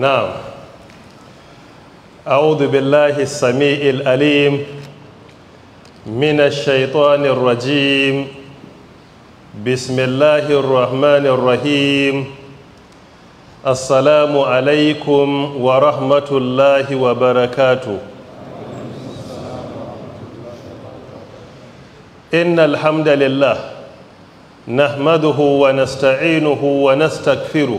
نعم أعوذ بالله السميع الأليم من الشيطان الرجيم بسم الله الرحمن الرحيم السلام عليكم ورحمة الله وبركاته إن الحمد لله نحمده ونستعينه ونستغفره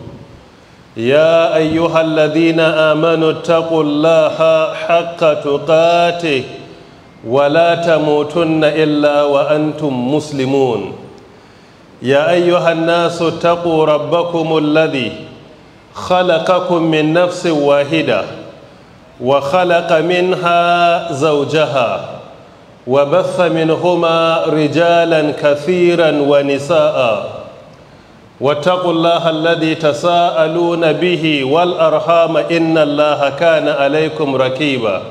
يا ايها الذين امنوا اتقوا الله حق تقاته ولا تموتن الا وانتم مسلمون يا ايها الناس اتقوا ربكم الذي خلقكم من نفس واحده وخلق منها زوجها وبث منهما رجالا كثيرا ونساء واتقوا الله الذي تساءلون به والأرحام إن الله كان عليكم ركيبا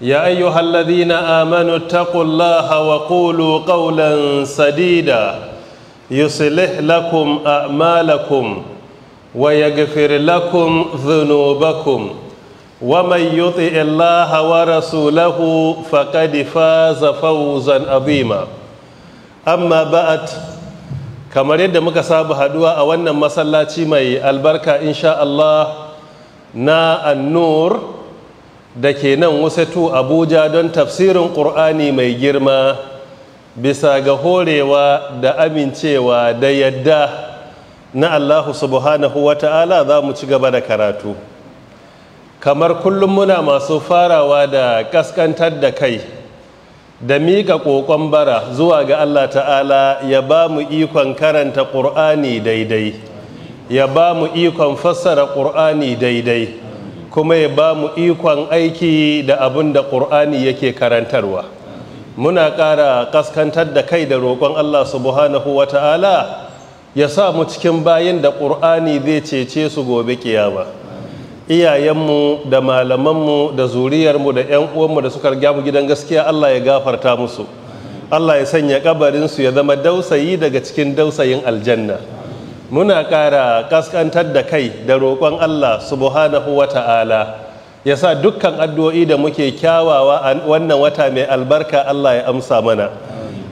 يا أيها الذين آمنوا اتقوا الله وقولوا قولا سديدا يصلح لكم أعمالكم ويغفر لكم ذنوبكم ومن يطئ الله ورسوله فقد فاز فوزا عظيما أما بعد kamar yadda muka saba haduwa a wannan masallaci mai albarka insha Allah na annur da ke nan wasatu abuja don tafsirin ƙur'ani mai girma bisa ga horewa da amincewa da yadda na allahu subhanahu wa ta'ala za mu ci gaba da karatu kamar kullum muna masu farawa da kaskantar da kai da miƙa ƙoƙon bara zuwa ga Allah ta'ala ya ba mu ikon karanta ƙur'ani daidai ya ba mu ikon fassara ƙur'ani daidai kuma ya ba mu ikon aiki da abin da ƙur'ani yake karantarwa muna ƙara ƙaskantar da kai da roƙon Allah subhanahu wa ta'ala ya sa mu cikin bayan da ƙur'ani zai cece su gobe ƙiyama. iyayenmu da malamanmu da zuriyarmu da 'yan uwanmu da suka gyamu gidan gaskiya Allah ya gafarta musu Allah ya sanya kabarinsu ya zama dausayi daga cikin dausayin aljanna muna ƙara ƙasƙantar da kai da roƙon Allah subhanahu wa ta'ala ya sa dukkan addu'o'i da muke kyawawa a wannan wata mai albarka Allah ya amsa mana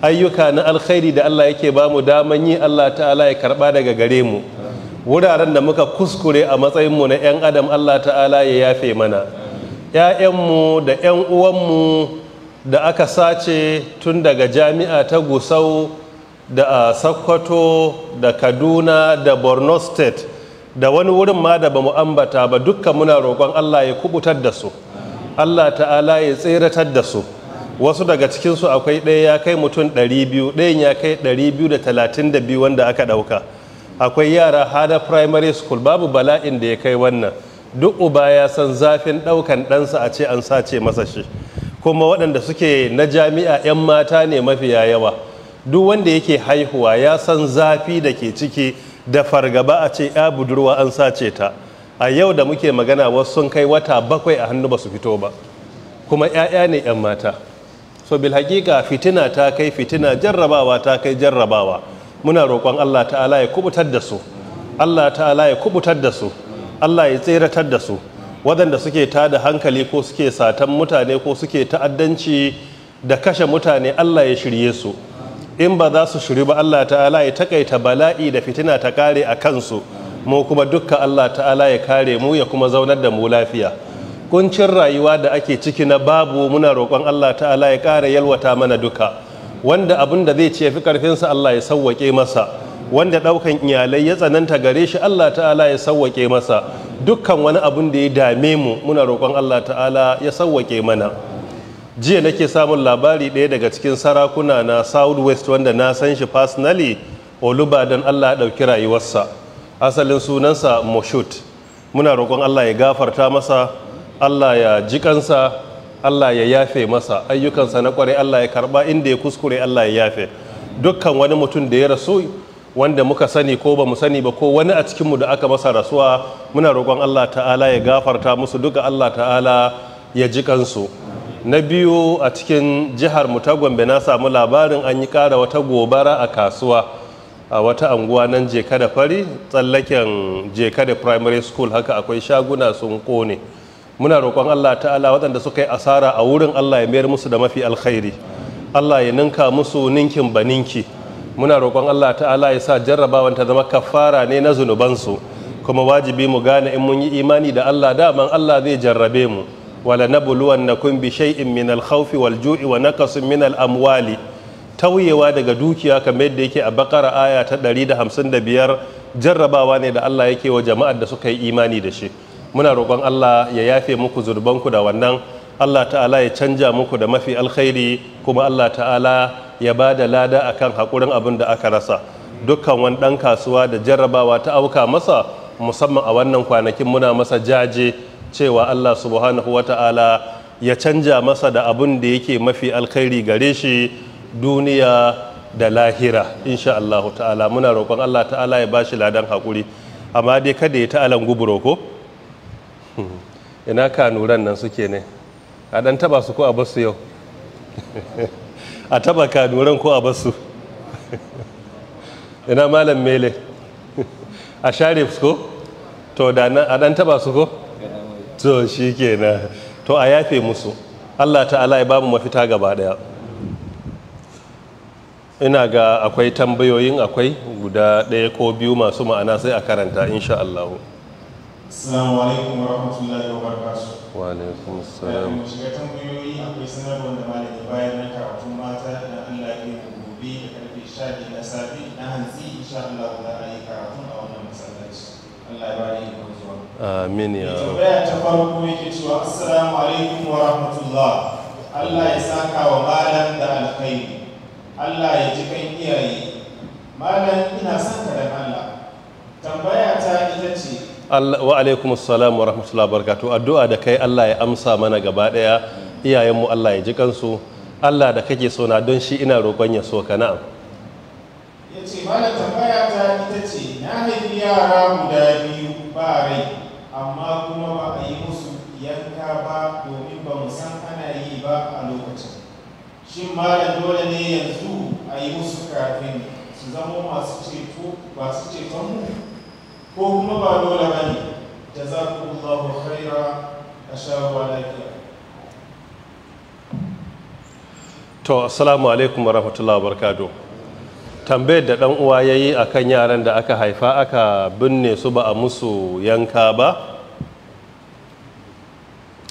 ayyuka na alkhairi da Allah yake ba mu daman yi Allah ta'ala ya karɓa daga gare mu wuraren da muka kuskure a matsayinmu na 'yan adam allah ta'ala ya yafe mana 'ya'yanmu da 'yan uwanmu da aka sace tun daga jami'a ta gusau da a sokoto da kaduna da borno state da wani wurin ma da ba mu ambata ba dukka muna roƙon allah ya kubutar da su allah ta'ala ya tseratar da su wasu daga cikinsu akwai ɗaya ya kai mutum 200 ɗayan ya kai 232 wanda aka ɗauka akwai yara hada primary school babu bala'in da ya kai wannan duk uba ya san zafin ɗaukan ɗansa a ce an sace masa shi kuma waɗanda suke na jami'a 'yan mata ne mafiya yawa duk wanda yake haihuwa ya san zafi da ke ciki da fargaba a ce ya budurwa an sace ta a yau da muke magana wasu sun kai wata bakwai a hannu ba su fito ba kuma 'ya'ya ne 'yan mata so bil hakika fitina ta kai fitina jarrabawa ta kai jarrabawa muna roƙon Allah ta'ala ya kubutar da su Allah ta'ala ya kubutar da su Allah ya tseratar da su waɗanda suke ta da hankali ko suke satan mutane ko suke ta'addanci da kashe mutane Allah ya shirye su in ba za su shiri ba Allah ta'ala ya takaita bala'i da fitina ta kare a kansu mu kuma dukka Allah ta'ala ya kare mu ya kuma zaunar da mu lafiya kuncin rayuwa da ake ciki na babu muna roƙon Allah ta'ala ya ƙara yalwata mana duka wanda abin da zai ce fi karfinsa Allah ya sauwaƙe masa wanda ɗaukan iyalai ya tsananta gare shi Allah ta'ala ya sauwaƙe masa dukkan wani abin da ya dame mu muna roƙon Allah ta'ala ya sauwaƙe mana jiya nake samun labari ɗaya daga cikin sarakuna na southwest wanda na san shi personally don Allah ya ɗauki rayuwarsa asalin sunansa moshut muna roƙon Allah ya gafarta masa Allah ya jikansa Allah ya yafe masa ayyukansa na kware Allah ya karba inda ya kuskure Allah ya yafe dukkan wani mutum da ya rasu wanda muka sani ko ba mu sani ba ko wani a cikinmu da aka masa rasuwa muna roƙon Allah ta'ala ya gafarta musu duka Allah ta'ala ya ji kansu na biyu a cikin jihar mu ta Gombe na samu labarin an yi kara wata gobara a kasuwa a wata anguwa nan jeka da fari tsallaken jeka da primary school haka akwai shaguna sun ƙone. muna roƙon Allah ta'ala waɗanda suka yi asara a wurin Allah ya mayar musu da mafi alkhairi Allah ya ninka musu ninkin baninki muna roƙon Allah ta'ala ya sa jarrabawan ta zama kafara ne na zunubansu kuma wajibi mu gane in mun yi imani da Allah daman Allah zai jarrabe mu wala nabluwannakum bi shay'in min al-khawfi wal-ju'i wa naqsin min al-amwali tauyewa daga dukiya kamar yadda yake a bakara aya ta 155 jarrabawa ne da Allah yake wa jama'ar da suka yi imani da shi muna roƙon Allah ya yafe muku zurbanku da wannan Allah ta'ala ya canja muku da mafi alkhairi kuma Allah ta'ala ya ba da lada a kan haƙurin abin da aka rasa dukkan wani ɗan kasuwa da jarrabawa ta auka masa musamman a wannan kwanakin muna masa jaje cewa Allah subhanahu wa ta'ala ya canja masa da abin da yake mafi alkhairi gare shi duniya da lahira insha Allah ta'ala muna roƙon Allah ta'ala ya ba shi ladan haƙuri amma dai kada ya ta'alan guburo ko Hmm. ina kanuran nan suke ne a dan taba su ko a basu yau a taba kanuran ko a basu ina malam mele a share su ko to da a dan taba su ko to shi kenan to a yafe musu allah ta'ala ya bamu mafita gaba daya ina ga akwai tambayoyin akwai guda ɗaya ko biyu masu ma'ana sai a karanta insha allahu Assalamu alaikum wa rahmatullahi wa barakatuh. Wa alaikum salam. Mu shiga tambayoyi akwai sanarwar da malami bayan na karatun mata da Allah ya mu gobe da karfe na safe na hantsi insha Allah za a yi karatun a wannan masallaci. Allah ya bani Amin ya rabu. ta farko yake cewa Assalamu alaikum wa rahmatullah. Allah ya saka wa malam da alkhairi. Allah ya ji kan iyaye. Malam ina son ka da Allah. Tambaya ta ita ce wa alaikum assalam wa rahmatullahi barakatu addu'a da kai Allah ya amsa mana gaba daya iyayenmu Allah ya ji kansu Allah da kake so na don shi ina roƙon ya so ka na'am yace malam tambaya ta ita ce na haifi yara guda biyu ba rai amma kuma ba a yi musu yanka ba domin ba mu san ana yi ba a lokacin shin mala dole ne yanzu a yi musu kafin su zama masu ceto su ceton mu ko kuma ba dole ba ne da za ku allahu khaira a shawarwa lafiya to assalamu alaikum wa wa barakatu. tambayar da dan uwa yayi akan yaran da aka haifa aka binne su ba a musu yanka ba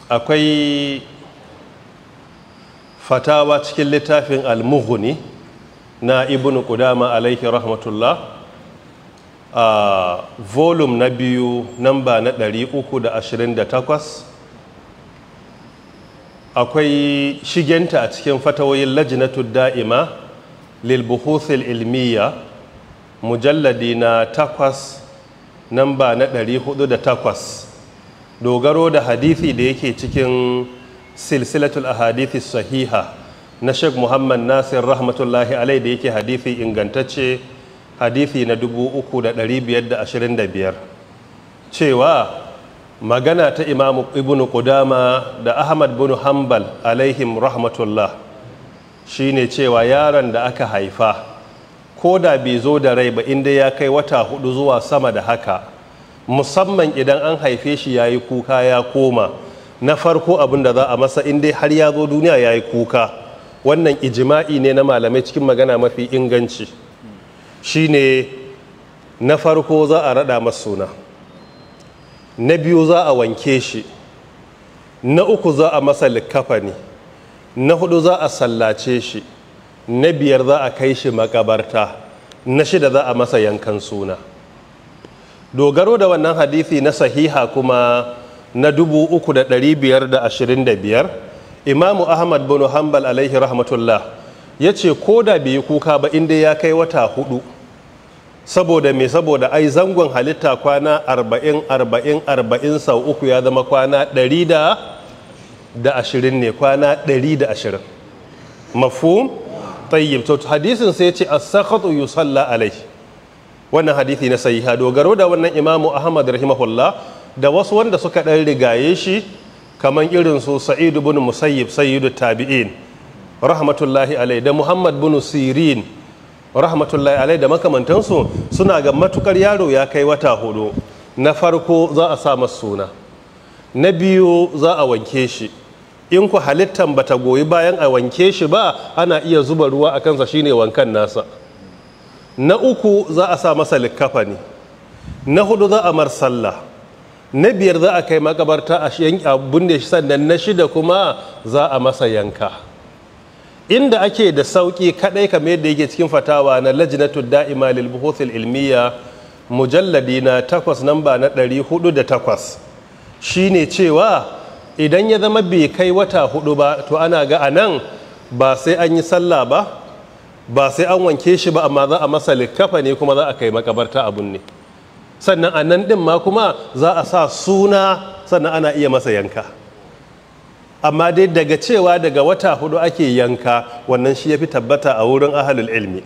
akwai fatawa cikin littafin al na ibnu qudama alaihi rahmatullah a volume na biyu namba na 328 akwai shigenta a cikin fatawoyin lajinatu da'ima lilbuhuthil ilmiya mujalladi na 8 namba na 408 dogaro da hadithi da yake cikin silsilatul ahadithi sahiha na sheikh muhammad nasir rahmatullahi alai da yake hadithi ingantacce hadithi na dubu uku da da da biyar ashirin biyar. cewa magana ta imamu ibn Kudama da ahmad bin hanbal alaihim rahmatullah shine cewa yaron da aka haifa ko da bai zo da rai ba inda ya kai wata hudu zuwa sama da haka musamman idan an haife shi ya yi kuka ya koma na farko abin da za a masa inda har ya zo duniya ya yi kuka wannan ijima'i ne na malamai cikin magana mafi inganci Shi ne na farko za a rada suna na biyu za a wanke shi na uku za a masa likafani na hudu za a sallace shi na biyar za a kai shi makabarta na shida za a masa yankan suna dogaro da wannan hadithi na sahiha kuma na dubu uku da da da biyar ashirin biyar, imamu ahmad bin hanbal alaihi rahmatullah ya ce ko da bai yi kuka ba inda ya kai wata hudu saboda mai saboda ai zangon halitta kwana arba'in arba'in arba'in sau uku ya zama kwana 120 ashirin ne kwana ɗari da ashirin mafhum tayyib to hadisin sai ce as-sakhatu yusalla alai wannan hadisi na sahiha dogaro da wannan imamu ahmad rahimahullah da wasu wanda suka ɗan rigaye shi kaman irin su sa'id ibn musayyib sayyidu tabi'in rahmatullahi alai da muhammad bin sirin rahmatullahi alai da makamantansu suna ga matukar yaro ya kai wata hudu na farko za a sa masuna. suna na biyu za a wanke shi in ku halittan bata goyi bayan a wanke shi ba ana iya zuba ruwa a kansa shine wankan nasa na uku za a sa masa likkafani na hudu za a mar sallah na biyar za a kai makabarta a binne shi sannan na shida kuma za a masa yanka inda ake da sauki kaɗai kamar yadda yake cikin fatawa na Lajinatu da'ima lil buhuthil ilmiya mujalladi na takwas namba na 408 shine cewa idan ya zama bai kai wata hudu ba to ana ga anan ba sai an yi sallah ba ba sai an wanke shi ba amma za a masa likafa ne kuma za a kai makabarta abun ne sannan a nan din ma kuma za a sa suna sannan ana iya masa yanka amma dai daga cewa daga wata hudu ake yanka wannan shi ya fi tabbata a wurin ahalul ilmi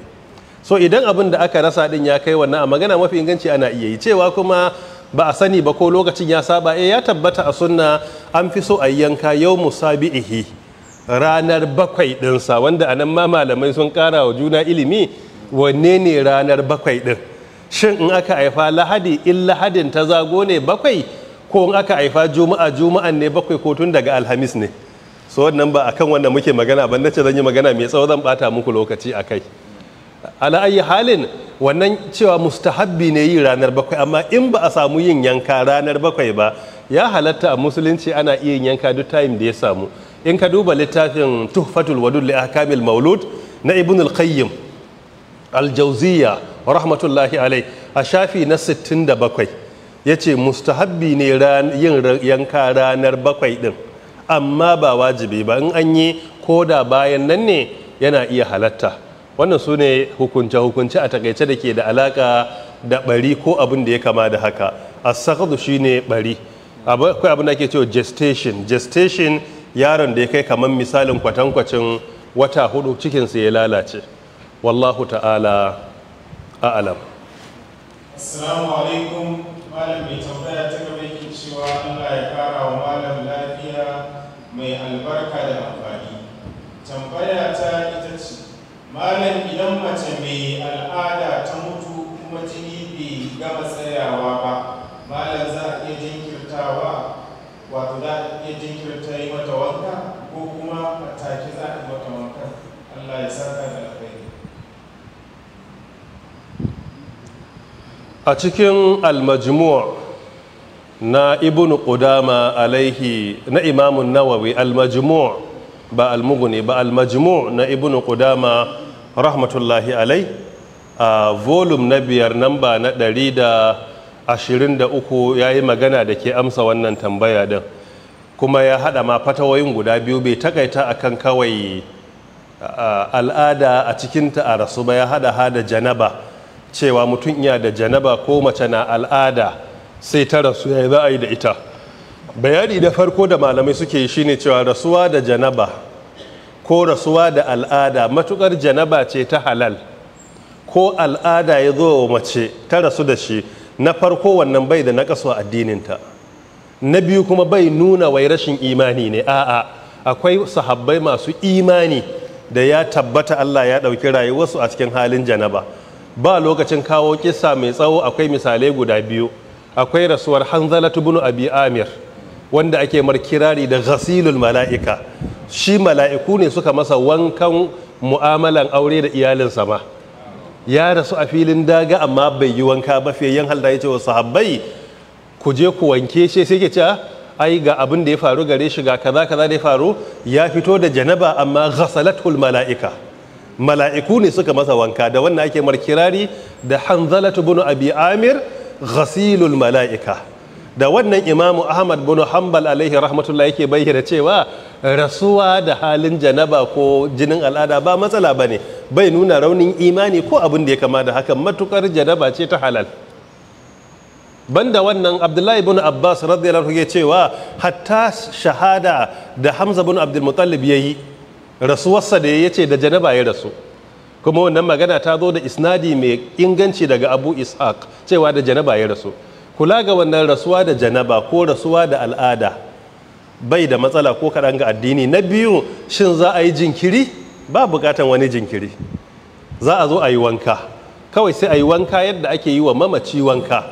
so idan abin da aka rasa din ya kai wannan a magana mafi inganci ana iya yi cewa kuma ba a sani ba ko lokacin ya saba eh ya tabbata a sunna an fi so a yanka yau musabi'ihi ranar bakwai dinsa. wanda anan ma malamai sun kara wa juna ilimi wanne ne ranar bakwai din? shin in aka haifa lahadi in lahadin ta zago ne bakwai ko in aka haifa juma'a juma'an ne bakwai ko tun daga alhamis ne so wannan ba kan wannan muke magana ban nace zan yi magana mai tsawo zan bata muku lokaci a kai ala ayi halin wannan cewa mustahabbi ne yi ranar bakwai amma in ba a samu yin yanka ranar bakwai ba ya halatta a musulunci ana iya yanka duk time da ya samu in ka duba littafin tuhfatul wadud li ahkamil maulud na ibn al-qayyim al jawziya rahmatullahi alai a shafi na 67 ya ce mustahabbi ne yin yanka ranar bakwai din, amma ba wajibi ba in an yi ko da bayan nan ne yana iya halatta wannan su ne hukunce-hukunce a takaice da ke da alaka da bari ko abin da ya kama da haka sakadu shi ne bari akwai abin da ke cewa gestation gestation yaron da ya kai kamar misalin kwatankwacin wata hudu cikinsa ya lalace wallahu ta'ala a'alam assalamu alaikum malam mai tambaya ta gaba yake cewa Allah ya kara wa malam lafiya mai albarka da amfani tambaya ta ita ce malam idan mace mai al'ada ta mutu kuma jini bai gama tsayawa ba malam za a iya jinkirtawa wato za a iya jinkirta yi mata wanka ko kuma mataki za a yi mata wanka Allah ya saka a cikin almajmu' na ibn qudama alaihi na imamun nawawi almajmu' ba almuguni ba almajmu' na ibn qudama rahmatullahi alai a volum na biyar namba na ɗari da ashirin da uku ya yi magana da ke amsa wannan tambaya din kuma ya haɗa ma fatawayin guda biyu bai takaita kan kawai al'ada a cikinta a rasu ba ya haɗa hada janaba cewa mutum iya da janaba ko mace na al'ada sai ta rasu ya za a yi da ita bayani da farko da malamai suke yi shine cewa rasuwa da janaba ko rasuwa da al'ada matukar janaba ce ta halal ko al'ada ya zo wa mace ta rasu da shi na farko wannan bai da naƙasu addininta na biyu kuma bai nuna wai rashin imani ne a'a akwai sahabbai masu imani da ya tabbata Allah ya ɗauki rayuwarsu a cikin halin janaba ba lokacin kawo kisa mai tsawo akwai misalai guda biyu akwai rasuwar hanzalatu bin abi amir wanda ake mar kirari da ghasilul mala'ika shi mala'iku ne suka masa wankan mu'amalan aure da iyalinsa ma ya rasu a filin daga amma bai yi wanka ba yan halda ya ce wa sahabbai ku je ku wanke shi sai ke cewa ai ga abin da ya faru gare shi ga kaza kaza da ya faru ya fito da janaba amma ghasalatul mala'ika mala'iku ne suka masa wanka da wannan ake mar kirari da hanzalatu bunu abi amir ghasilul mala'ika da wannan imamu ahmad bin hanbal alaihi rahmatullah yake bayyana cewa rasuwa da halin janaba ko jinin al'ada ba matsala ba ne bai nuna raunin imani ko abin da ya kama da hakan matukar janaba ce ta halal banda wannan abdullahi bin abbas radiyallahu ya cewa hatta shahada da hamza bin abdul muttalib yayi rasuwarsa da ya ce da janaba ya rasu kuma wannan magana ta zo da isnadi mai inganci daga abu ishaq cewa da janaba ya rasu kula ga wannan rasuwa da janaba ko rasuwa da al'ada bai da matsala ko kaɗan ga addini na biyu shin za a yi jinkiri ba buƙatan wani jinkiri za a zo a yi wanka kawai sai a yi wanka yadda ake yi wa mamaci wanka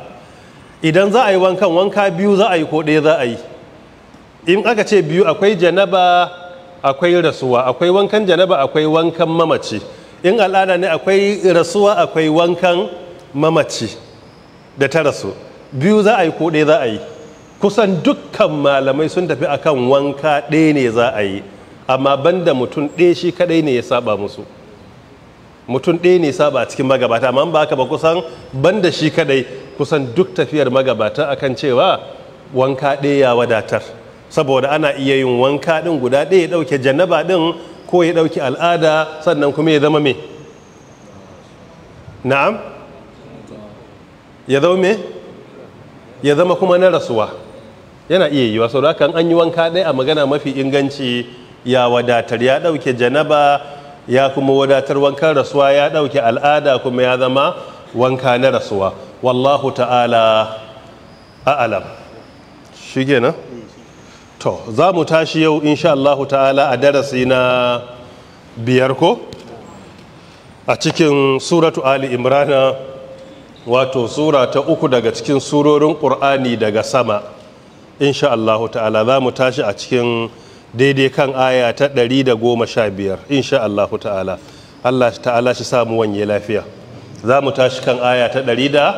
idan za a yi wankan wanka biyu za a yi ko ɗaya za a yi in aka ce biyu akwai janaba akwai rasuwa akwai wankan janaba akwai wankan mamaci in al'ada ne akwai rasuwa akwai wankan mamaci da ta rasu biyu za a yi ko ɗaya za a yi kusan dukkan malamai sun tafi akan wanka ɗaya ne za a yi amma banda mutum ɗaya shi kaɗai ne ya saba musu mutum ɗaya ne saba a cikin magabata amma ba haka ba kusan banda shi kaɗai kusan duk tafiyar magabata akan cewa wanka ɗaya ya wadatar saboda ana iya yin wanka ɗin guda ɗaya ya ɗauke janaba ɗin ko ya ɗauki al'ada sannan kuma ya zama me na'am ya zama me ya zama kuma na rasuwa yana iya yiwa sau da an yi wanka ɗaya a magana mafi inganci ya wadatar ya ɗauke janaba ya kuma wadatar wankan rasuwa ya ɗauke al'ada kuma ya zama wanka na rasuwa wallahu ta'ala a'alam shi kenan to za mu tashi yau insha ta'ala a darasi na biyar ko a cikin suratu ali imrana wato sura ta uku daga cikin surorin ƙur'ani daga sama insha Allah ta'ala za mu tashi a cikin daidai kan aya ta 115 sha Allah ta'ala Allah ta'ala shi samu wanye lafiya za mu tashi kan aya ta ɗari da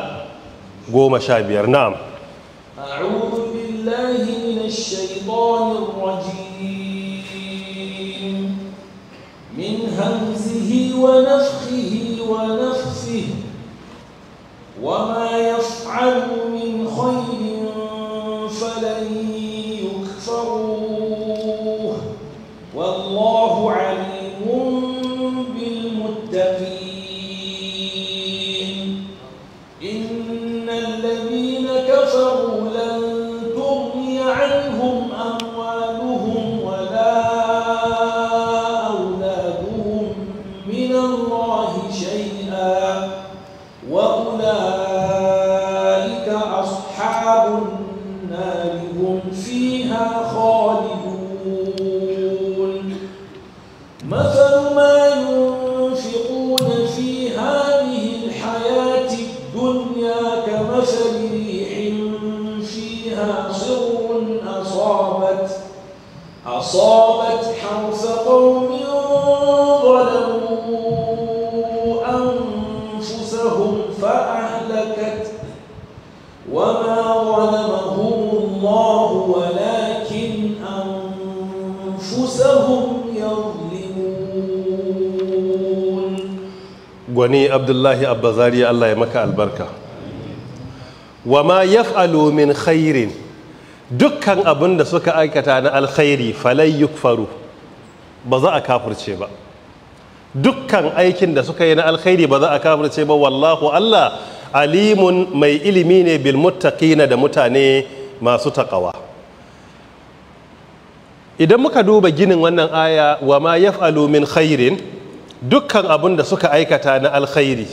goma 115 na'am الشيطان الرجيم من همزه ونفخه ونفسه وما يفعل من خير gwani abdullahi abbazari allah ya maka albarka wa ma yaf'alu min khairin dukkan abin da suka aikata na alkhairi falai yukfaru ba za a kafirce ba dukkan aikin da suka yi na alkhairi ba za a kafirce ba wallahu allah alimun mai ilimi ne bil muttaqina da mutane masu taƙawa idan muka duba ginin wannan aya wa ma yaf'alu min khairin dukkan abin da suka aikata na alkhairi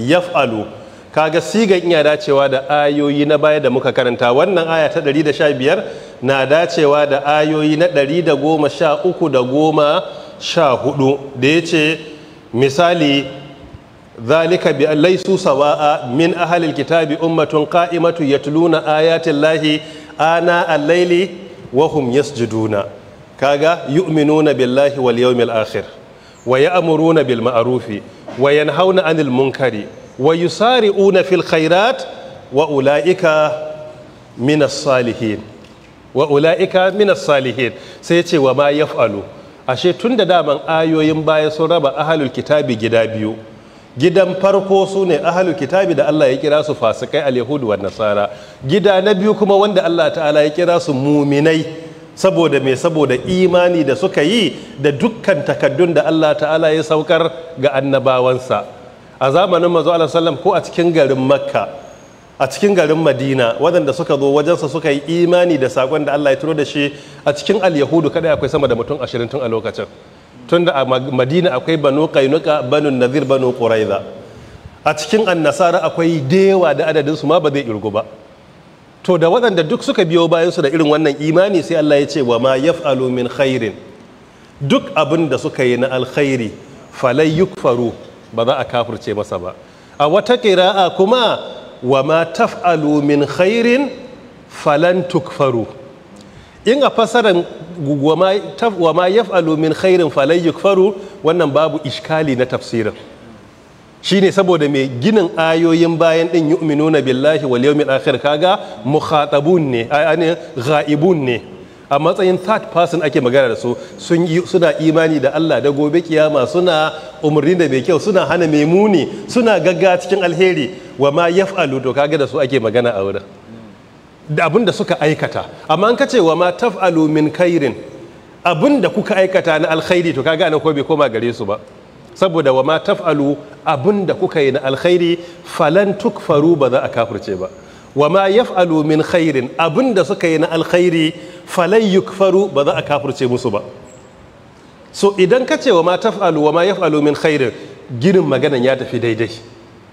ya yaf'alu kaga sigan iya dacewa da ayoyi na baya da muka karanta wannan aya ta 115 na dacewa da ayoyi na 113 da goma sha hudu da ya ce misali zalika bi laisu sawa'a min ahalil kitabi ummatun qa'imatu yatluna ayatin lahi ana al-laili wa hum yasjuduna kaga yu'minuna billahi wal yawmil akhir wa ya ya'muruna bil ma'rufi wa na 'anil munkari wa yusari'una fil khairat wa ulaika minas salihin wa sai ce wa ma yaf'alu ashe tun da daman ayoyin baya sun raba ahalul kitabi gida biyu gidan farko su ne ahalul kitabi da Allah ya kira su fasikai al-yahudu wa nasara gida na biyu kuma wanda Allah ta'ala ya kira su muminai saboda mai saboda imani da suka yi da dukkan takaddun da Allah ta'ala ya saukar ga annabawansa a zamanin manzo Allah ko a cikin garin Makka a cikin garin Madina waɗanda suka zo wajensa suka yi imani da sakon da Allah ya turo da shi a cikin al-yahudu kada akwai sama da mutum ashirin tun a lokacin tunda a Madina akwai Banu kainuka Banu Nazir Banu Quraiza a cikin annasara akwai dewa da adadinsu ma ba zai irgu ba to da waɗanda duk suka biyo bayansu da irin wannan imani sai Allah ya ce wa ma yaf'alu min khairin duk abin da suka yi na alkhairi falai yukfaru ba za a kafirce masa ba a wata kira'a kuma wa ma taf'alu min khairin falan tukfaru in a fasarar wa ma yaf'alu min khairin falai yukfaru wannan babu ishkali na tafsirin shine saboda mai ginin ayoyin bayan din yu'minuna billahi wal yawmil akhir kaga mukhatabun ne ayane ghaibun ne a matsayin third person ake magana da su sun suna imani da Allah da gobe kiyama suna umarni da mai kyau suna hana mai muni suna gagga cikin alheri wa ma yaf'alu to kaga da su ake magana a wurin da abin da suka aikata amma an kace wa ma taf'alu min khairin abin da kuka aikata na alkhairi to kaga na ko bai koma gare su ba saboda wa ma taf'alu abinda kuka yi na alkhairi falan tukfaru ba za a kafirce ba wa ma yaf'alu min khairin abinda suka yi na alkhairi falan yukfaru ba za a kafirce musu ba so idan ka ce wa ma taf'alu wa ma yaf'alu min khairin ginin maganan ya tafi daidai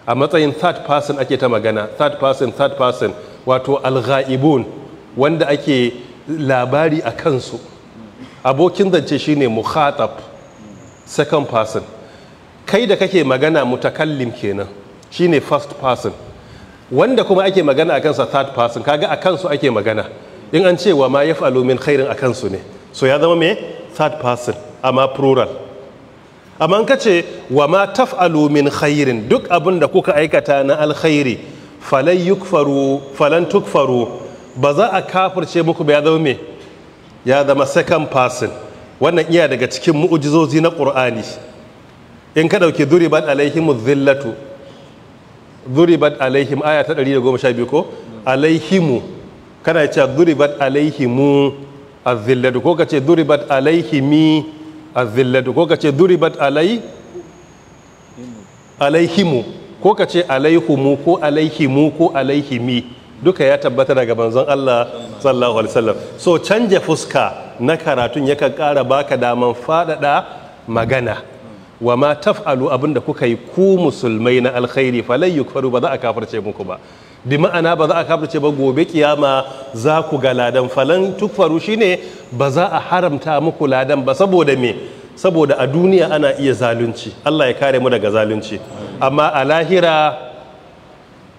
a matsayin third person ake ta magana third person third person wato alghaibun wanda ake labari a kansu abokin zance shine mukhatab second person kai da kake magana mutakallim kenan shine first person wanda kuma ake magana a kansa third person kaga a kansu ake magana in an cewa ma yaf'alu min khairin a kansu ne so ya zama me third person amma plural amma an kace wa ma taf'alu min khairin duk abin da kuka aikata na alkhairi falan yukfaru falan tukfaru ba za a kafirce muku ba ya zama me ya zama second person wannan iya daga cikin mu'ujizozi na qur'ani in ka dauki duribat alaihim dhillatu duribat alaihim aya ta 112 ko alaihimu kana cewa duribat alaihimu azillatu ko kace duribat alaihimi azillatu ko kace duribat alai alaihimu ko kace alaihumu ko alaihimu ko alaihimi duka ya tabbata daga manzon Allah sallallahu alaihi wasallam so canja fuska na karatun yakan kara baka daman fadada magana wa ma taf'alu da kuka yi ku musulmai na alkhairi falai yukfaru ba za a kafirce muku ba bi ma'ana ba za a kafirce ba gobe kiyama za ku ga ladan falan tukfaru shine ba za a haramta muku ladan ba saboda me saboda a duniya ana iya zalunci Allah ya kare mu daga zalunci amma a lahira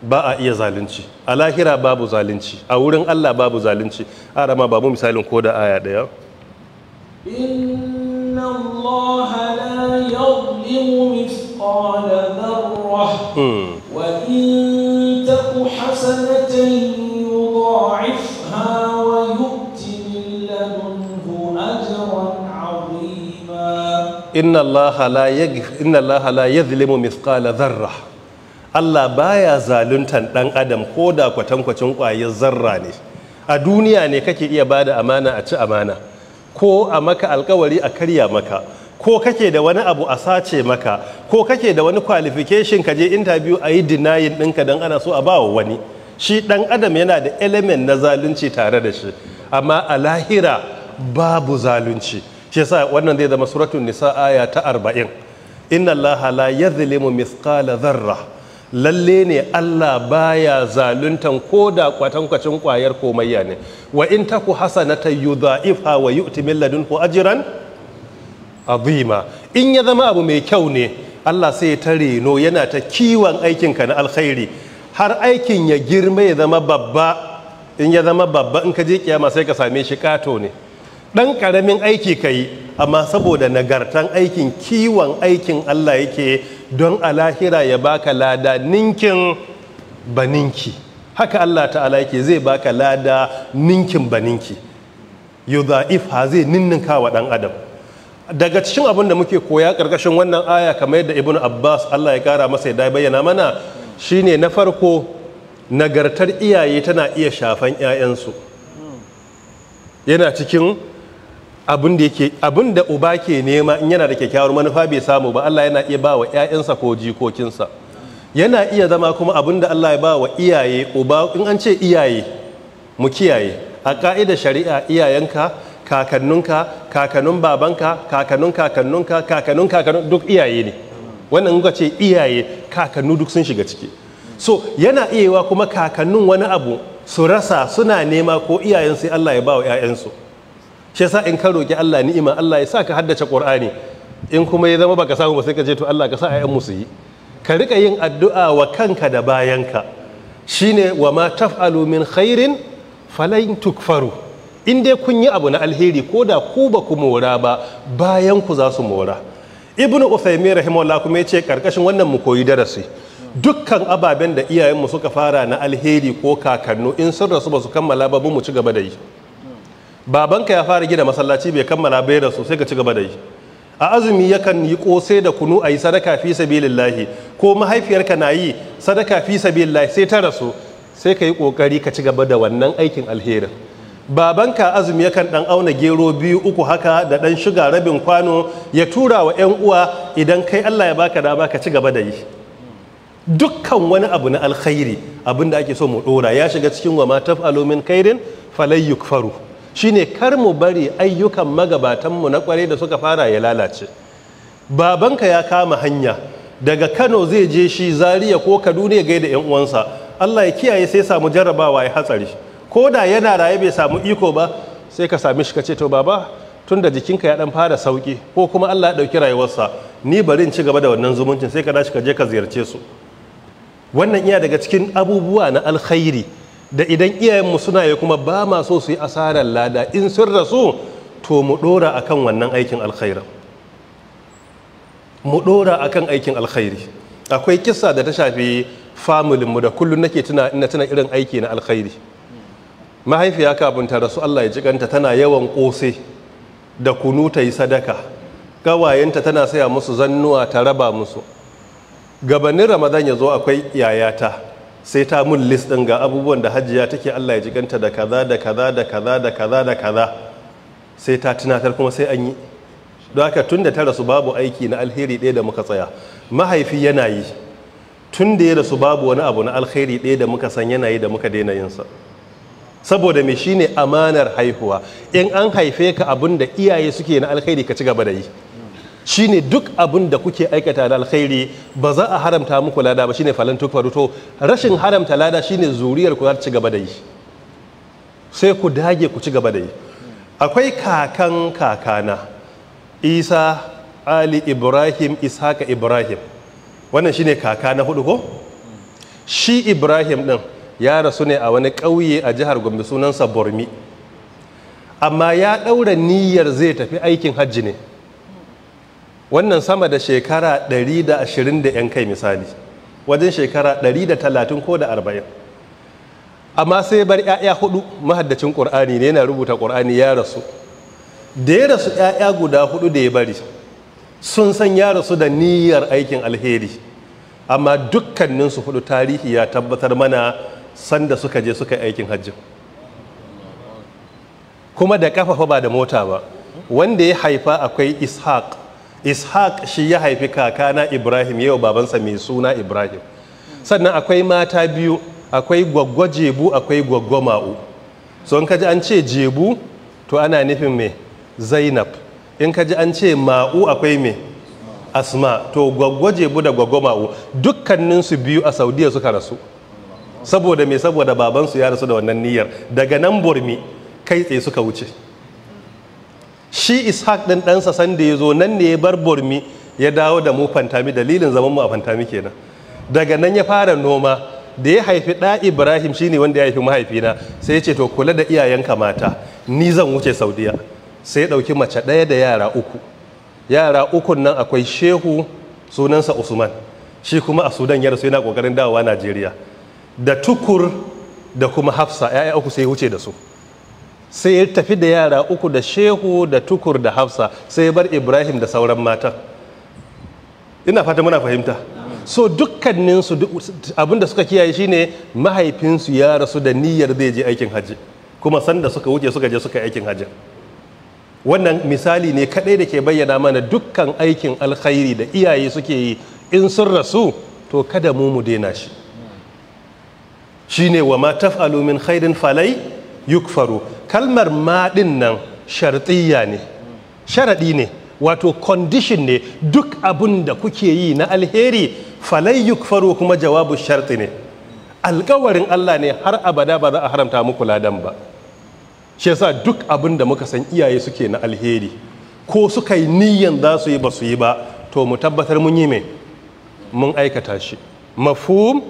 ba a iya zalunci a lahira babu zalunci a wurin Allah babu zalunci arama rama babu misalin ko da aya daya inna allaha la yadhlimu mithqala wa in inna allaha mithqala Allah baya zaluntan ɗan adam ko da kwatankwacin ƙwayar zarra ne a duniya ne kake iya bada amana a ci amana ko a maka alkawari a karya maka ko kake da wani abu a sace maka ko kake da wani qualification ka je interview a yi denying ɗinka don ana so a bawa wani shi ɗan adam yana da element na zalunci tare da shi amma a lahira babu zalunci shi yasa wannan zai zama suratun nisa aya ta arba'in inna allaha la yadhlimu mithqala dharra lalle ne Allah baya zaluntan ko da kwatankwacin kwayar komayya ne wa in taku hasanata yudha'ifa wa yu'ti min ladunhu ajran azima in ya zama abu mai kyau ne Allah sai ya tare no yana ta kiwon aikinka na alkhairi har aikin ya girma ya zama babba in ya zama babba in ka je kiyama sai ka same shi kato ne dan karamin aiki ka amma saboda nagartan aikin kiwon aikin Allah yake don a lahira ya baka lada ninkin baninki haka Allah ta'ala yake zai baka lada ninkin baninki ifa zai ninninka wa dan adam daga cikin abin da muke koya ƙarƙashin wannan aya kamar yadda ibnu abbas allah ya kara masa ya bayyana mana shine na farko nagartar iyaye tana iya shafan 'ya'yansu yana cikin abin da yake abin da uba ke nema in yana da kyakkyawar manufa bai samu ba Allah yana iya ba wa ƴaƴansa ko jikokinsa yana iya zama kuma abin da Allah ya ba wa iyaye uba in an ce iyaye mu kiyaye a ka'idar shari'a iyayenka kakanninka kakannin babanka kakannin kakanninka kakannin kakannin duk iyaye ne wannan kuka ce iyaye kakannu duk sun shiga ciki so yana iya wa kuma kakannin wani abu su rasa suna nema ko iyayen sai Allah ya bawa wa 'ya'yansu shi yasa in ka roki Allah ni'ima Allah ya sa haddace Qur'ani in kuma ya zama baka samu ba sai ka je to Allah ka sa ayyan musu yi ka rika yin addu'a wa kanka da bayanka shine wa ma taf'alu min khairin falain tukfaru in dai kun yi abu na alheri ko da ku ba ku mora ba bayan ku za su mora ibnu usaymi rahimahullah kuma yace karkashin wannan mu koyi darasi dukkan ababen da iyayenmu suka fara na alheri ko kakannu in sun rasu ba su kammala ba mu ci gaba da yi babanka ya fara gina masallaci bai kammala bai rasu sai ka ci gaba da yi a azumi yakan yi kosai da kunu a yi sadaka fi sabilillahi ko mahaifiyarka na yi sadaka fi sabilillahi sai ta rasu sai ka yi kokari ka ci gaba da wannan aikin alherin babanka azumi yakan dan auna gero biyu uku haka da dan shiga rabin kwano ya tura wa yan uwa idan kai Allah ya baka dama ka ci gaba da yi dukkan wani abu na alkhairi abinda ake so mu dora ya shiga cikin wa ma taf'alu min khairin falayyukfaru Shi ne kar mu bari ayyukan magabatanmu na kware da suka fara ya lalace babanka ya kama hanya daga kano zai je shi Zariya ko kaduna ya gaida yan uwansa allah ya kiyaye sai samu jarrabawa ya hatsari ko da yana raye bai samu iko ba sai ka sami shi ka ce to baba tun da jikinka ya dan fara sauki ko kuma allah ya ɗauki rayuwarsa ni bari in ci gaba da wannan zumuncin sai ka dashi ka je ka ziyarce su wannan iya daga cikin abubuwa na alkhairi da idan iyayenmu suna yi kuma ba ma so su yi asarar lada in sun rasu to mu dora kan wannan aikin alkhairin mu dora kan aikin alkhairi akwai kisa da ta shafi familinmu da kullum nake tuna ina tuna irin aiki na alkhairi mahaifiya kafin ta rasu Allah ya jikanta tana yawan kose da kunu ta yi sadaka gawayenta tana saya musu zannuwa ta raba musu gabanin ramadan ya zo akwai yayata sai ta mun list ɗin ga abubuwan da hajiya take Allah ya ganta da kaza da kaza da kaza da kaza da kaza sai ta tunatar kuma sai an yi don haka tun da ta rasu babu aiki na alheri ɗaya da muka tsaya mahaifi yana yi tun da ya rasu babu wani abu na alheri ɗaya da muka san yana yi da muka daina yinsa saboda me shine amanar haihuwa in an haife ka abin da iyaye suke na alheri ka ci gaba da yi shine duk abin da kuke aikata da alkhairi ba za a haramta muku lada ba shine falan tukfaru to rashin haramta lada shine zuriyar ku za ta ci gaba da yi sai ku dage ku ci gaba da yi akwai kakan kakana isa ali ibrahim ishaka ibrahim wannan shine kaka na hudu ko shi ibrahim din ya rasu ne a wani ƙauye a jihar gombe sunansa bormi amma ya ɗaura niyyar zai tafi aikin hajji ne wannan sama da shekara 120 da 'yan kai misali wajen shekara 130 ko da 40 amma sai bar 'ya'ya hudu mahaddacin ƙur'ani ne yana rubuta ƙur'ani ya rasu da ya rasu 'ya'ya guda hudu da ya bari sun san ya rasu da niyyar aikin alheri amma dukkaninsu hudu tarihi ya tabbatar mana sanda suka je suka aikin hajji kuma da ƙafafa ba da mota ba wanda ya haifa akwai ishaq ishaq shi ya haifi kaka na ibrahim yau babansa mai suna ibrahim sannan akwai mata biyu akwai gwaggwa jebu akwai gwaggwa ma'u so in kaji an ce jebu to ana nufin me zainab in kaji an ce ma'u akwai me asma to gwaggwa jebu da gwaggwa ma'u dukkaninsu biyu a saudiya suka rasu saboda mai saboda babansu ya rasu da wannan niyyar daga nan burmi kai tsaye suka wuce shi ishaq din ɗansa sanda ya zo nan ne ya bar bormi ya dawo da mu fantami dalilin zaman mu a fantami kenan daga nan ya fara noma da ya haifi ɗa ibrahim shine wanda ya haifi mahaifina sai ya ce to kula da iyayenka mata ni zan wuce saudiya sai ya ɗauki mace ɗaya da yara uku yara ukun nan akwai shehu sunansa usman shi kuma a sudan ya rasu yana ƙoƙarin dawowa najeriya da tukur da kuma hafsa 'ya'ya uku sai ya wuce da su sai ya tafi da yara uku da shehu da tukur da hafsa sai ya bar ibrahim da sauran matan ina fata muna fahimta so dukkaninsu abinda suka kiyaye shine mahaifinsu ya rasu da niyyar zai je aikin hajji kuma sanda suka wuce suka je suka aikin hajji wannan misali ne kadai da ke bayyana mana dukkan aikin alkhairi da iyaye suke yi in sun rasu to kada mu mu daina shi shine wa ma taf'alu min khairin falai yukfaru kalmar maɗin nan shartiya ne sharaɗi ne wato condition ne duk abin da kuke yi na alheri falai yukfaru kuma jawabu sharti ne alkawarin Allah ne har abada ba za a haramta muku ladan ba shi yasa duk abin da muka san iyaye suke na alheri ko suka yi niyyan za su yi ba su yi ba to mu tabbatar mun yi mai mun aikata shi mafhum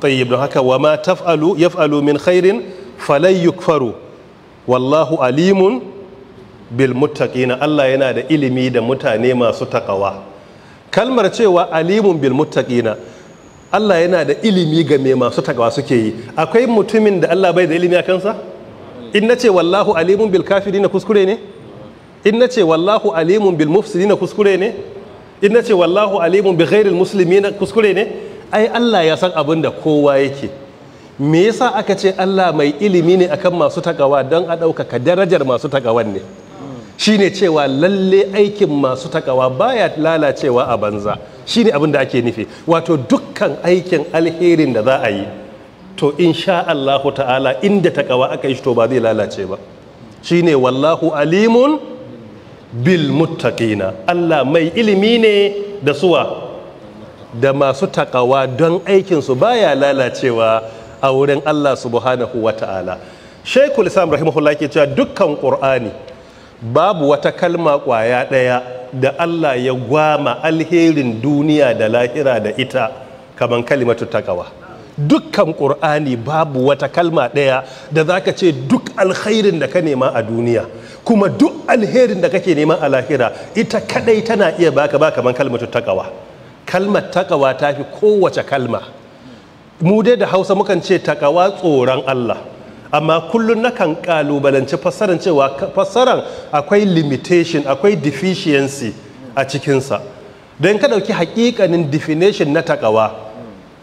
tayyib don haka wa ma taf'alu yaf'alu min khairin falai yukfaru wallahu alimun bil Allah yana da ilimi da mutane masu takawa kalmar cewa alimun bil Allah yana da ilimi ga mai masu takawa suke yi akwai mutumin da Allah bai da ilimi a kansa in nace wallahu alimun bil kafirina kuskure ne in nace wallahu alimun bil mufsidina kuskure ne in nace wallahu alimun bi ghairil muslimina kuskure ne ai Allah ya san abin da kowa yake me yasa aka ce Allah mai ilimi ne akan masu takawa don a ɗaukaka darajar masu takawan ne shine cewa lalle aikin masu takawa baya lalacewa a banza shine abin da ake nufi wato dukkan aikin alherin da za a yi to insha Allahu ta'ala inda takawa aka yi to ba zai lalace ba shine wallahu alimun bil muttaqina Allah mai ilimi ne da suwa da masu takawa don aikinsu baya lalacewa a wurin Allah subhanahu wa ta'ala Sheikhul Islam rahimahullah ke cewa dukkan Qur'ani babu wata kalma ƙwaya ɗaya da Allah ya gwama alherin duniya da lahira da ita kaman kalimatu takawa dukkan ƙur'ani babu wata kalma ɗaya da za ka ce duk alkhairin da ka nema a duniya kuma duk alherin da kake nema a lahira ita kadai tana iya baka ba kamar kalmatu takawa kalmar takawa ta fi kowace kalma mu dai da hausa mukan ce takawa tsoron Allah amma kullum nakan kalubalance fassarar cewa fassaran akwai limitation akwai deficiency a cikinsa don ka ɗauki hakikanin definition na takawa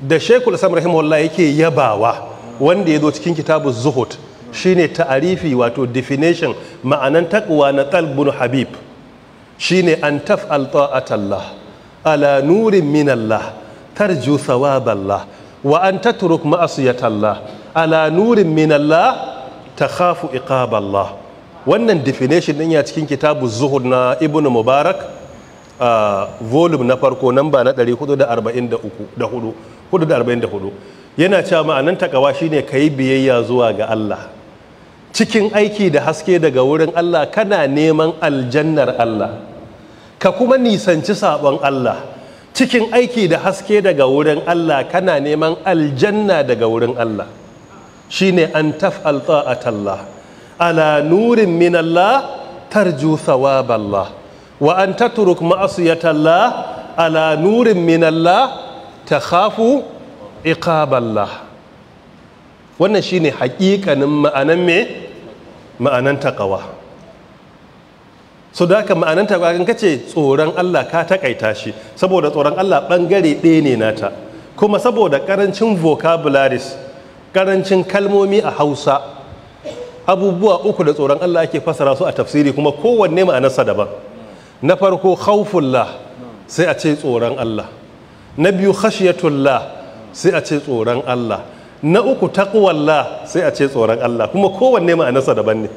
da shekul sam rahimahullah yake yabawa wanda ya zo cikin kitabu zuhud shine ta'arifi wato definition ma'anan takawa na talbun habib shine an taf'al ta'atallah ala nurin minallah tarju Allah. wa an ya ma'asiyatallah ala nurin minalla ta takhafu iqaballah wannan definition din ya cikin kitabu zuhud na ibnu mubarak a volume na farko namba na 444 yana cewa ma'anan takawa shine kai biyayya zuwa ga Allah cikin aiki da haske daga wurin Allah kana neman aljannar Allah ka kuma nisanci sabon Allah cikin aiki da haske daga wurin Allah kana neman aljanna daga wurin Allah shine an taf'al Allah ala nurin min Allah tarju Allah. wa an tatruk ma'asiyatallah ala nurin min Allah takhafu Allah. wannan shine hakikanin ma'anan me ma'anan taqwa so da haka ma'ananta in ka ce tsoron Allah ka takaita shi saboda tsoron Allah bangare ɗaya ne nata kuma saboda karancin vocabularies karancin kalmomi a Hausa abubuwa uku da tsoron Allah ake fasara su a tafsiri kuma kowanne ma'anarsa daban na farko khawfullah sai a ce tsoron Allah na biyu khashiyatullah sai a ce tsoron Allah na uku taqwallah sai a ce tsoron Allah kuma kowanne ma'anarsa daban ne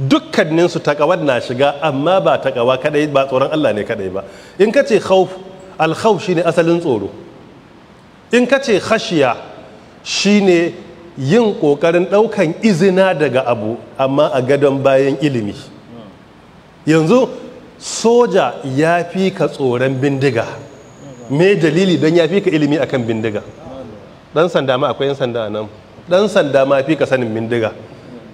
dukkaninsu takawar na shiga amma ba takawa kadai ba tsoron Allah ne kaɗai ba in ka ce khawf shi shine asalin tsoro in ka ce khashiya shine yin ƙoƙarin ɗaukan izina daga abu amma a gadon bayan ilimi yanzu soja ya fi ka tsoron bindiga me dalili don ya fi ka ilimi akan bindiga dan sanda ma akwai yan sanda nan dan sanda ma fi ka sanin bindiga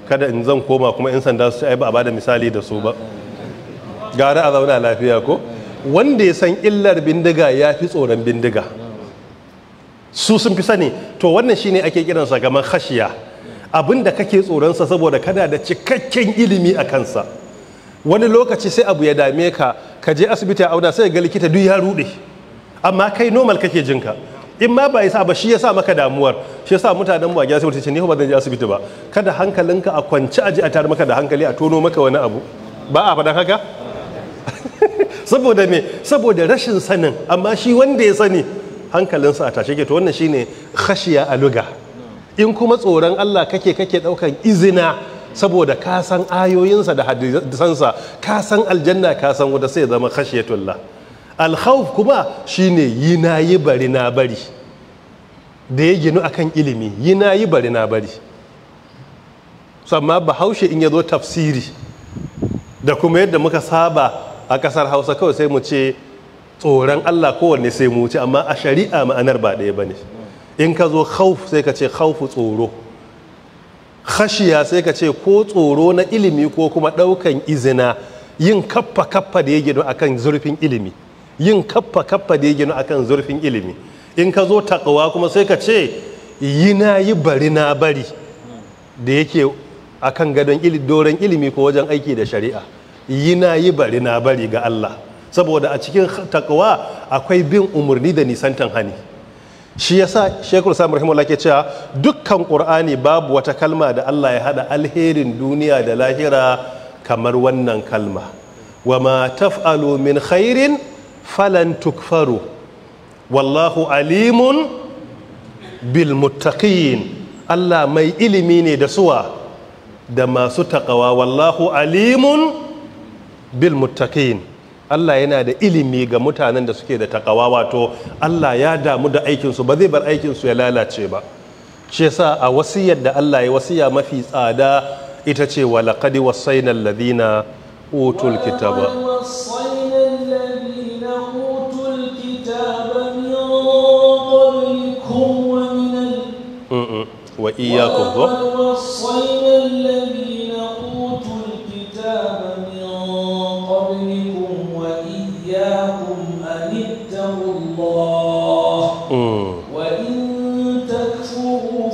kada in zan koma kuma 'yan sanda su ai ba a bada misali da su ba gara a zauna lafiya ko wanda ya san illar bindiga ya fi tsoron bindiga su sun fi sani to wannan shine ake kiransa man khashiya abin da kake tsoron sa saboda kana da cikakken ilimi a kansa wani lokaci sai abu ya dame ka ka je asibiti a auna sai ga likita duk ya rude amma kai normal kake jinka in ma ba yasa ba shi ya sa maka damuwar shi yasa mutanen mu a gida sai mutum ce ni ba zan je asibiti ba kada hankalinka a kwance aji a tare maka da hankali a tono maka wani abu ba a faɗa haka saboda me saboda rashin sanin amma shi wanda ya sani hankalinsa a tashe ke to wannan shine khashiya a luga in kuma tsoron Allah kake kake daukan izina saboda ka san ayoyinsa da hadisansa ka san aljanna ka san wanda sai zama khashiyatullah alkhawf kuma shine yi na yi bari na bari da ya ginu akan ilimi yi na yi bari na bari amma bahaushe in ya zo tafsiri da kuma yadda muka saba a kasar hausa kawai sai mu ce tsoron allah kowanne sai mu wuce amma a shari'a ma'anar ba ɗaya ba ne in ka zo khawf sai ka ce khawfu tsoro khashiya sai ka ce ko tsoro na ilimi ko kuma ɗaukan izina yin kaffa kaffa da ya gido akan zurfin ilimi yin kaffa kaffa da ya gina akan zurfin ilimi in ka zo takawa kuma sai ka ce yi na yi bari na bari da yake akan gadon doron ilimi ko wajen aiki da shari'a yi na yi bari na bari ga Allah saboda a cikin takawa akwai bin umarni da nisantan hani shi yasa shekul samun rahimu ke cewa dukkan ƙur'ani babu wata kalma da Allah ya hada alherin duniya da lahira kamar wannan kalma wa ma taf'alu min khairin falan tukfaru wallahu alimun bil muttaqin Allah mai ilimi ne da suwa da masu taƙawa, wallahu alimun bil muttaqin Allah yana da ilimi ga mutanen da suke da takawa wato Allah ya damu da aikinsu ba zai bar aikinsu ya lalace ba shi yasa a wasiyar da Allah ya wasiya mafi tsada ita ce wa laqad wasaina alladhina utul kitaba وإياكم ولقد الذين أوتوا الكتاب من قبلكم وإياكم أن الله وإن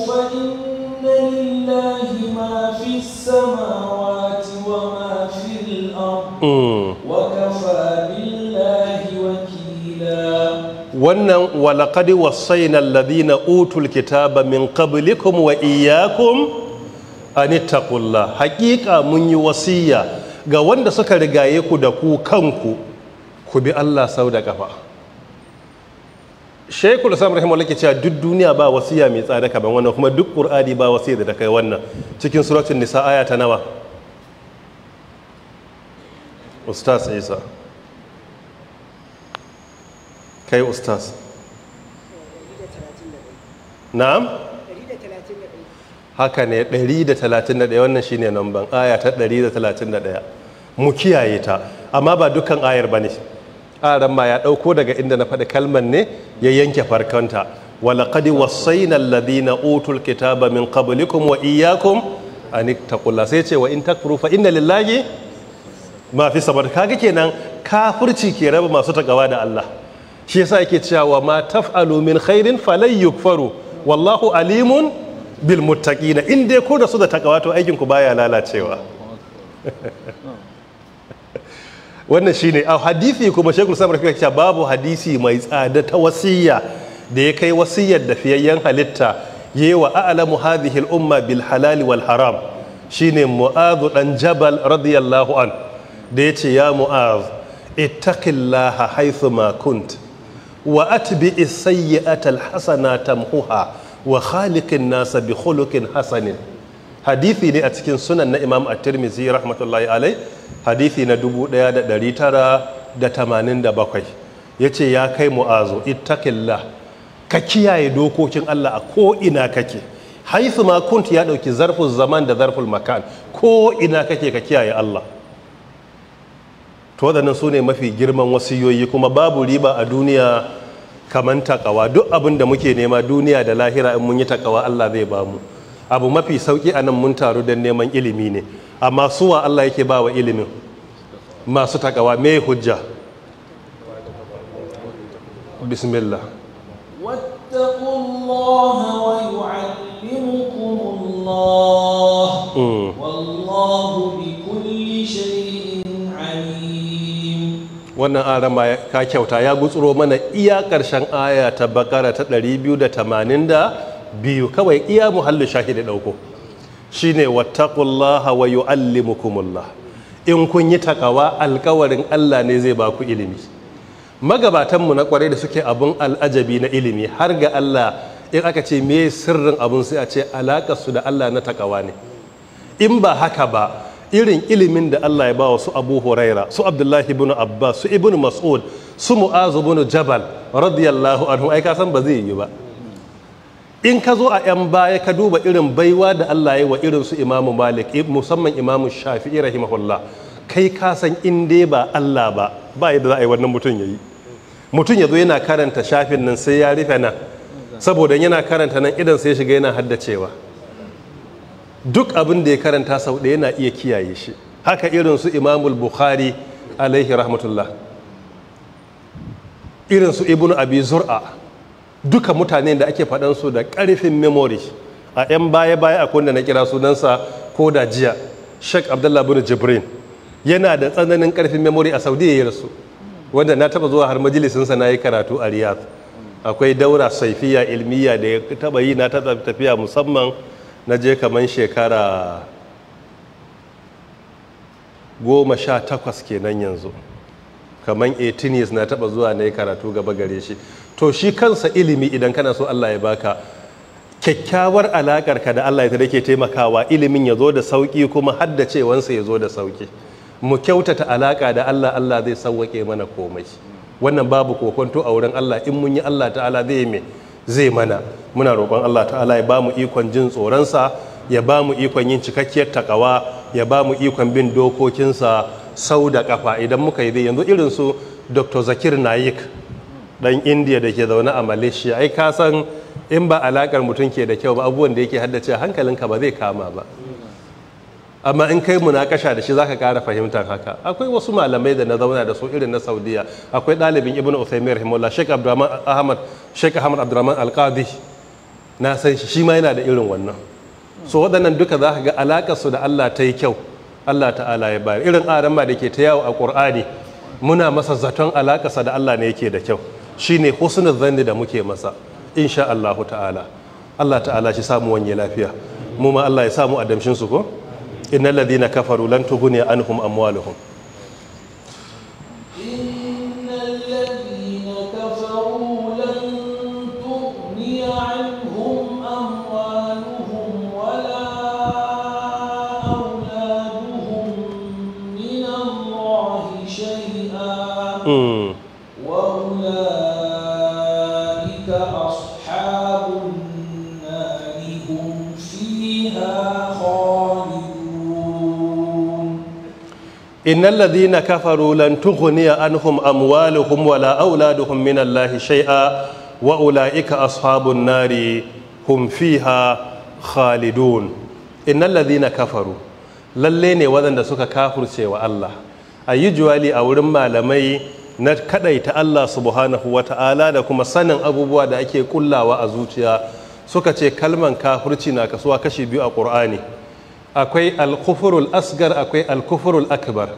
فإن لله ما في السماوات وما في الأرض وكفى wannan walakadi wasaina na utul kitaba min qablikum wa iyyakum an ittaqullah haqiqa mun yi wasiya ga wanda suka rigaye ku da ku kanku ku bi Allah sau da kafa Sheikhul Islam rahimahullah ke cewa duk duniya ba wasiya mai tsada kaman wannan kuma duk Qur'ani ba wasiya da ta kai wannan cikin suratul nisa aya ta nawa Ustaz Isa kai ustaz na'am haka ne 131 wannan shine namban aya ta 131 mu kiyaye ta amma ba dukkan ayar bane aran ma ya dauko daga inda na faɗi kalman ne ya yanke farkonta ولقد وصينا الذين اوتوا الكتاب من قبلكم واياكم ان اتقوا الله sai ce wa in takfuru fa lillahi ma fi sabar kaga kenan kafurci ke raba masu takawa da Allah shi yasa ake cewa ma taf'alu min khairin falan yukfaru wallahu alimun bil muttaqina in dai ko da su da takawa to aikin ku baya lalacewa wannan shine a hadisi kuma shekul samar fiye cewa babu hadisi mai tsada ta wasiyya da ya kai wasiyyar da fiyayyen halitta yi wa a'lamu hadhihi umma bil halali wal haram shine mu'adh dan jabal radiyallahu an da yace ya mu'adh ittaqillaha haythu ma wa atbi'i sayyi'atal hasanata tamhuha wa khaliqin nasa bi khuluqin hasanin hadithi ne a cikin sunan na imam at-tirmidhi rahmatullahi alai hadithi na 1987 yace ya kai mu'azu ittaqillah ka kiyaye dokokin Allah a ko ina kake haithu ma kunt ya dauki zarful zaman da zarful makan ko ina kake ka kiyaye Allah to waɗannan su ne mafi girman wasiyoyi kuma babu riba a duniya kaman takawa duk abin da muke nema duniya da lahira in mun yi takawa Allah zai ba mu abu mafi sauki a nan mun taru don neman ilimi ne amma suwa Allah yake ba wa ilimin masu takawa me hujja bismillah wannan arama ka kyauta ya gutsuro mana iya ƙarshen aya ta bakara ta 282 kawai iya muhallin da ɗauko Shi shine wattaqullaha wa yu'allimukumullah in kun yi takawa alkawarin Allah ne zai baku ilimi magabatanmu na kwarai da suke abun al'ajabi na ilimi har ga Allah in aka ce me sirrin abun sai a ce alaƙarsu da Allah na takawa ne in ba haka ba irin ilimin da Allah ya bawa su Abu Huraira su Abdullahi ibn Abbas su Ibn Mas'ud su Mu'az ibn Jabal radiyallahu anhu ai ka san ba zai yi ba in ka zo a yan baya ka duba irin baiwa da Allah ya wa irin su Imam Malik musamman Imam Shafi'i rahimahullah kai ka san in dai ba Allah ba ba yadda za a yi wannan mutum yayi mutum ya zo yana karanta shafin nan sai ya rufe nan saboda yana karanta nan idan sai shiga yana haddacewa duk abin da ya karanta sau ɗaya na iya kiyaye shi haka irin imamul bukhari alaihi rahmatullah Irinsu su abi zur'a duka mutane da ake faɗan su da ƙarfin memory a 'yan baya-baya a kunda na kira sunansa ko da jiya sheikh abdullah bin jibrin yana da tsananin ƙarfin memori a saudiya ya rasu wanda na taɓa zuwa har majalisinsa na yi karatu a riyadh akwai daura saifiya ilmiya da ya taɓa yi na taɓa tafiya musamman na je kamar shekara goma sha takwas kenan yanzu kaman 18 years na taba zuwa na yi karatu gaba gare shi to shi kansa ilimi idan kana so Allah ya baka kyakkyawar alakar ka da Allah ya take taimakawa ilimin ya zo da sauki kuma haddacewansa ya zo da sauki mu kyautata alaka da Allah Allah zai sauwake mana komai wannan babu kokonto a wurin Allah in mun yi Allah ta'ala zai mana muna roƙon Allah ta'ala ya ba mu ikon jin tsoronsa ya ba mu ikon yin cikakkiyar takawa ya ba mu ikon bin dokokinsa sau da kafa idan muka yi yanzu irin su dr zakir naik dan indiya da ke zaune a malaysia ai ka san in ba alakar mutum ke da kyau ba abubuwan da yake haddace hankalinka ba zai kama ba amma in kai mu na munakasha da shi zaka kara fahimtar haka akwai wasu malamai da na zauna da su irin na saudiya akwai ɗalibin ibn uthaymin rahimahullah sheikh abdurrahman ahmad sheikh ahmad abdurrahman alqadi na san shi shi ma yana da irin wannan so waɗannan duka za ka ga su da Allah ta yi kyau Allah ta'ala ya bayar irin aran ma da ke ta yawo a ƙur'ani muna masa zaton alaƙarsa da Allah ne yake da kyau shi ne husnul zanni da muke masa insha Allah ta'ala Allah ta'ala shi samu wanye lafiya mu ma Allah ya samu adamshin su ko innal ladina kafaru lan tughni anhum amwaluhum إن الذين كفروا لن تغني عنهم أموالهم ولا أولادهم من الله شيئا وأولئك أصحاب النار هم فيها خالدون إن الذين كفروا lalle ne waɗanda suka kafurce wa Allah a yi juwali لمي na kaɗai ta Allah subhanahu wa ta'ala da kuma sanin abubuwa da ake kullawa a zuciya suka ce kalman kafirci na kasuwa kashi biyu a ƙur'ani akwai alkufurul asgar akwai alkufurul akbar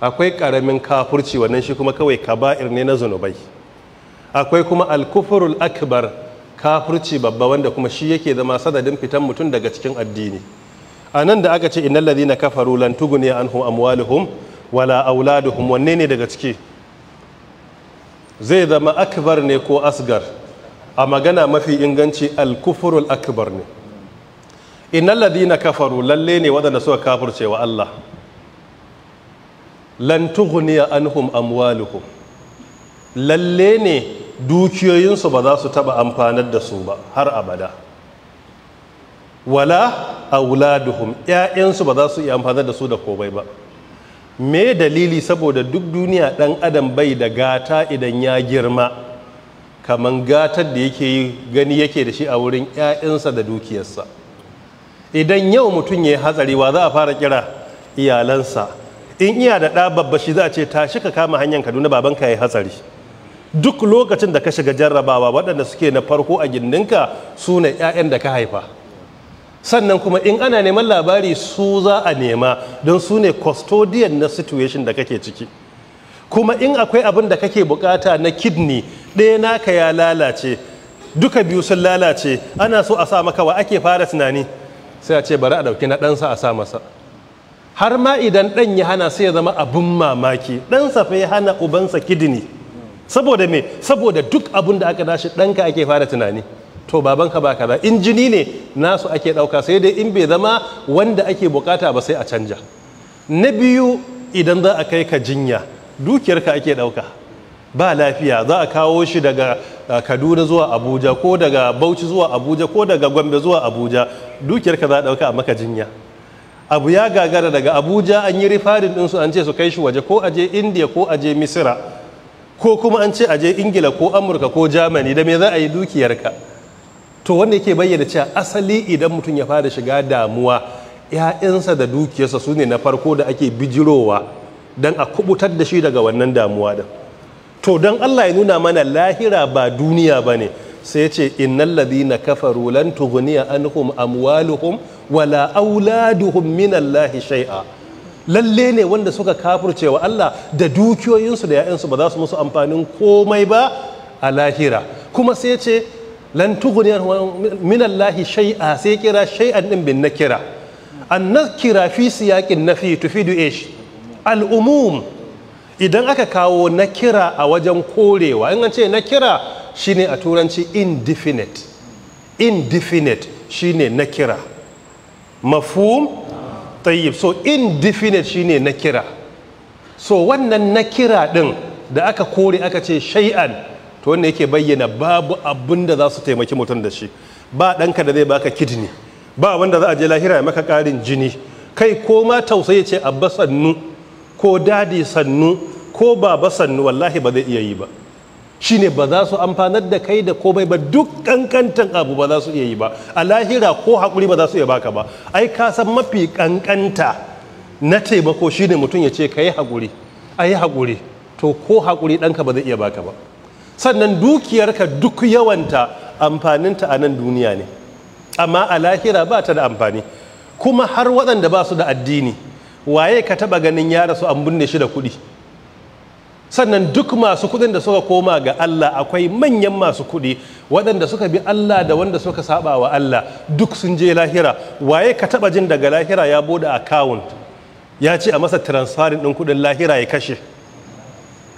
akwai ƙaramin kafirci wannan shi kuma kawai kaba'ir ne na zunubai akwai kuma alkufurul akbar kafirci babba wanda kuma shi yake zama sadadin fitan mutum daga cikin addini a nan da aka ce innal ladina kafaru lan tughni anhum amwaluhum wala auladuhum wanne ne daga ciki zai zama akbar ne ko asgar a magana mafi inganci alkufurul akbar ne innal ladina kafaru lalle ne wadanda suka kafirce wa Allah lan tughniya anhum amwaluhum lalle ne dukiyoyinsu ba za su taba amfanar da su ba har abada wala auladuhum 'ya'yansu ba za su iya amfanar da su da komai ba me dalili saboda duk duniya ɗan adam bai da gata idan ya girma kamar gatar da yake gani yake da shi a wurin 'ya'yansa da dukiyarsa idan yau mutum ya yi hatsari wa za a fara kira iyalansa in iya da ɗa babba shi za a ce tashi ka kama hanyar kaduna babanka ya yi hatsari duk lokacin da ka shiga jarrabawa waɗanda suke na farko a gindinka su ne 'ya'yan da ka haifa sannan kuma in ana neman labari su za a nema don su ne custodian na situation da kake ciki kuma in akwai abin da kake bukata na kidney ɗaya naka ya lalace duka biyu sun lalace ana so a sa maka wa ake fara tunani sai a ce bari a dauki na ɗansa a sa masa har ma idan ɗan ya hana sai ya zama abin mamaki ɗansa fa ya hana ubansa kidney saboda me saboda duk abin da aka dashi ɗanka ake fara tunani to babanka ba kaza in jini ne nasu ake ɗauka sai dai in bai zama wanda ake bukata ba sai a canja na biyu idan za a kai ka jinya dukiyarka ake ɗauka ba lafiya za a kawo shi daga kaduna zuwa abuja ko daga bauchi zuwa abuja ko daga gombe zuwa abuja dukiyarka za a ɗauka a maka jinya abu ya gagara daga abuja an yi rifarin ɗinsu an ce su kai shi waje ko aje indiya ko aje misira ko kuma an ce aje ingila ko amurka ko germany da me za a yi dukiyarka to wanda yake bayyana cewa asali idan mutum ya fara shiga damuwa ‘ya'yansa da dukiyarsa su ne na farko da ake bijirowa don a kubutar da shi daga wannan damuwa da to don allah ya nuna mana lahira ba duniya ba ne sai ce innal na kafaru lan a anhum amwaluhum wala auladuhum min allahi shai'a. lalle ne wanda suka kafurce wa Allah da dukiyoyinsu da 'ya'yansu ba za su musu amfanin komai ba a lahira kuma sai ce lan tughni min Allah shay'a sai kira shay'an din bin nakira an nakira fi siyaqin nafi tufidu ish al umum idan aka kawo nakira a wajen korewa in an ce nakira shine a turanci indefinite indefinite shine nakira mafhum tayyib so indefinite shine nakira so wannan nakira din da aka kore aka ce shay'an to wanda yake bayyana babu abin da za su taimaki mutum da shi ba ɗanka da zai baka kidney ba wanda za a je lahira ya maka ƙarin jini kai ko ma tausayi ce abba sannu ko dadi sannu ko baba sannu wallahi ba zai iya yi ba Shi ne ba za su amfanar da kai da komai ba duk ƙanƙantan abu ba za su iya yi ba a lahira ko haƙuri ba za su iya baka ba ai ka san mafi ƙanƙanta na taimako shi ne mutum ya ce ka yi haƙuri a yi haƙuri to ko haƙuri ɗanka ba zai iya baka ba sannan dukiyarka duk yawanta amfaninta a nan duniya ne amma a lahira ba ta da amfani kuma har waɗanda ba su da addini waye ka taɓa ganin ya rasu an binne shi da kuɗi sannan duk masu kuɗin da suka koma ga Allah akwai manyan masu kuɗi waɗanda suka bi Allah da wanda suka saba wa Allah duk sun je lahira waye ka taɓa jin daga lahira ya bude account ya ce a masa transferin ɗin kuɗin lahira ya kashe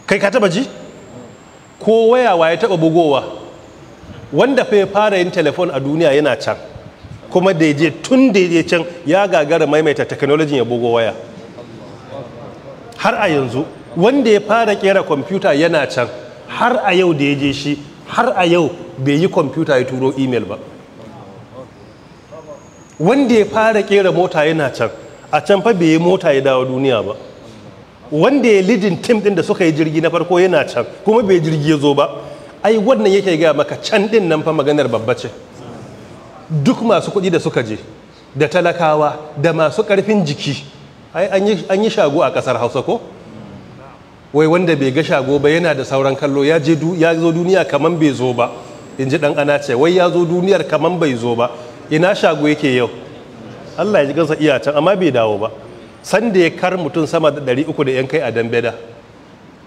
kai ka taɓa ji? ko waya wa ya taɓa bugowa wanda fa ya fara yin telefon a duniya yana can kuma da je tun da je can ya gagara maimaita technology ya bugo waya har a yanzu wanda ya fara kera kwamfuta yana can har a yau da ya je shi har a yau bai yi kwamfuta ya turo email ba wanda ya fara kera mota yana can a can fa bai yi mota ya dawo duniya ba wanda ya lidin tim din da suka yi jirgi na farko yana can kuma bai jirgi ya zo ba ai wannan yake ga maka can din nan fa maganar babba ce duk masu kuɗi da suka je da talakawa da masu ƙarfin jiki ai an yi shago a ƙasar hausa ko wai wanda bai ga shago ba yana da sauran kallo ya je ya zo duniya kaman bai zo ba in ji ɗan ana ce wai ya zo duniyar kaman bai zo ba ina shago yake yau allah ya ji kansa iya can amma bai dawo ba sanda ya kar mutum sama da 300 da yan kai a dambe da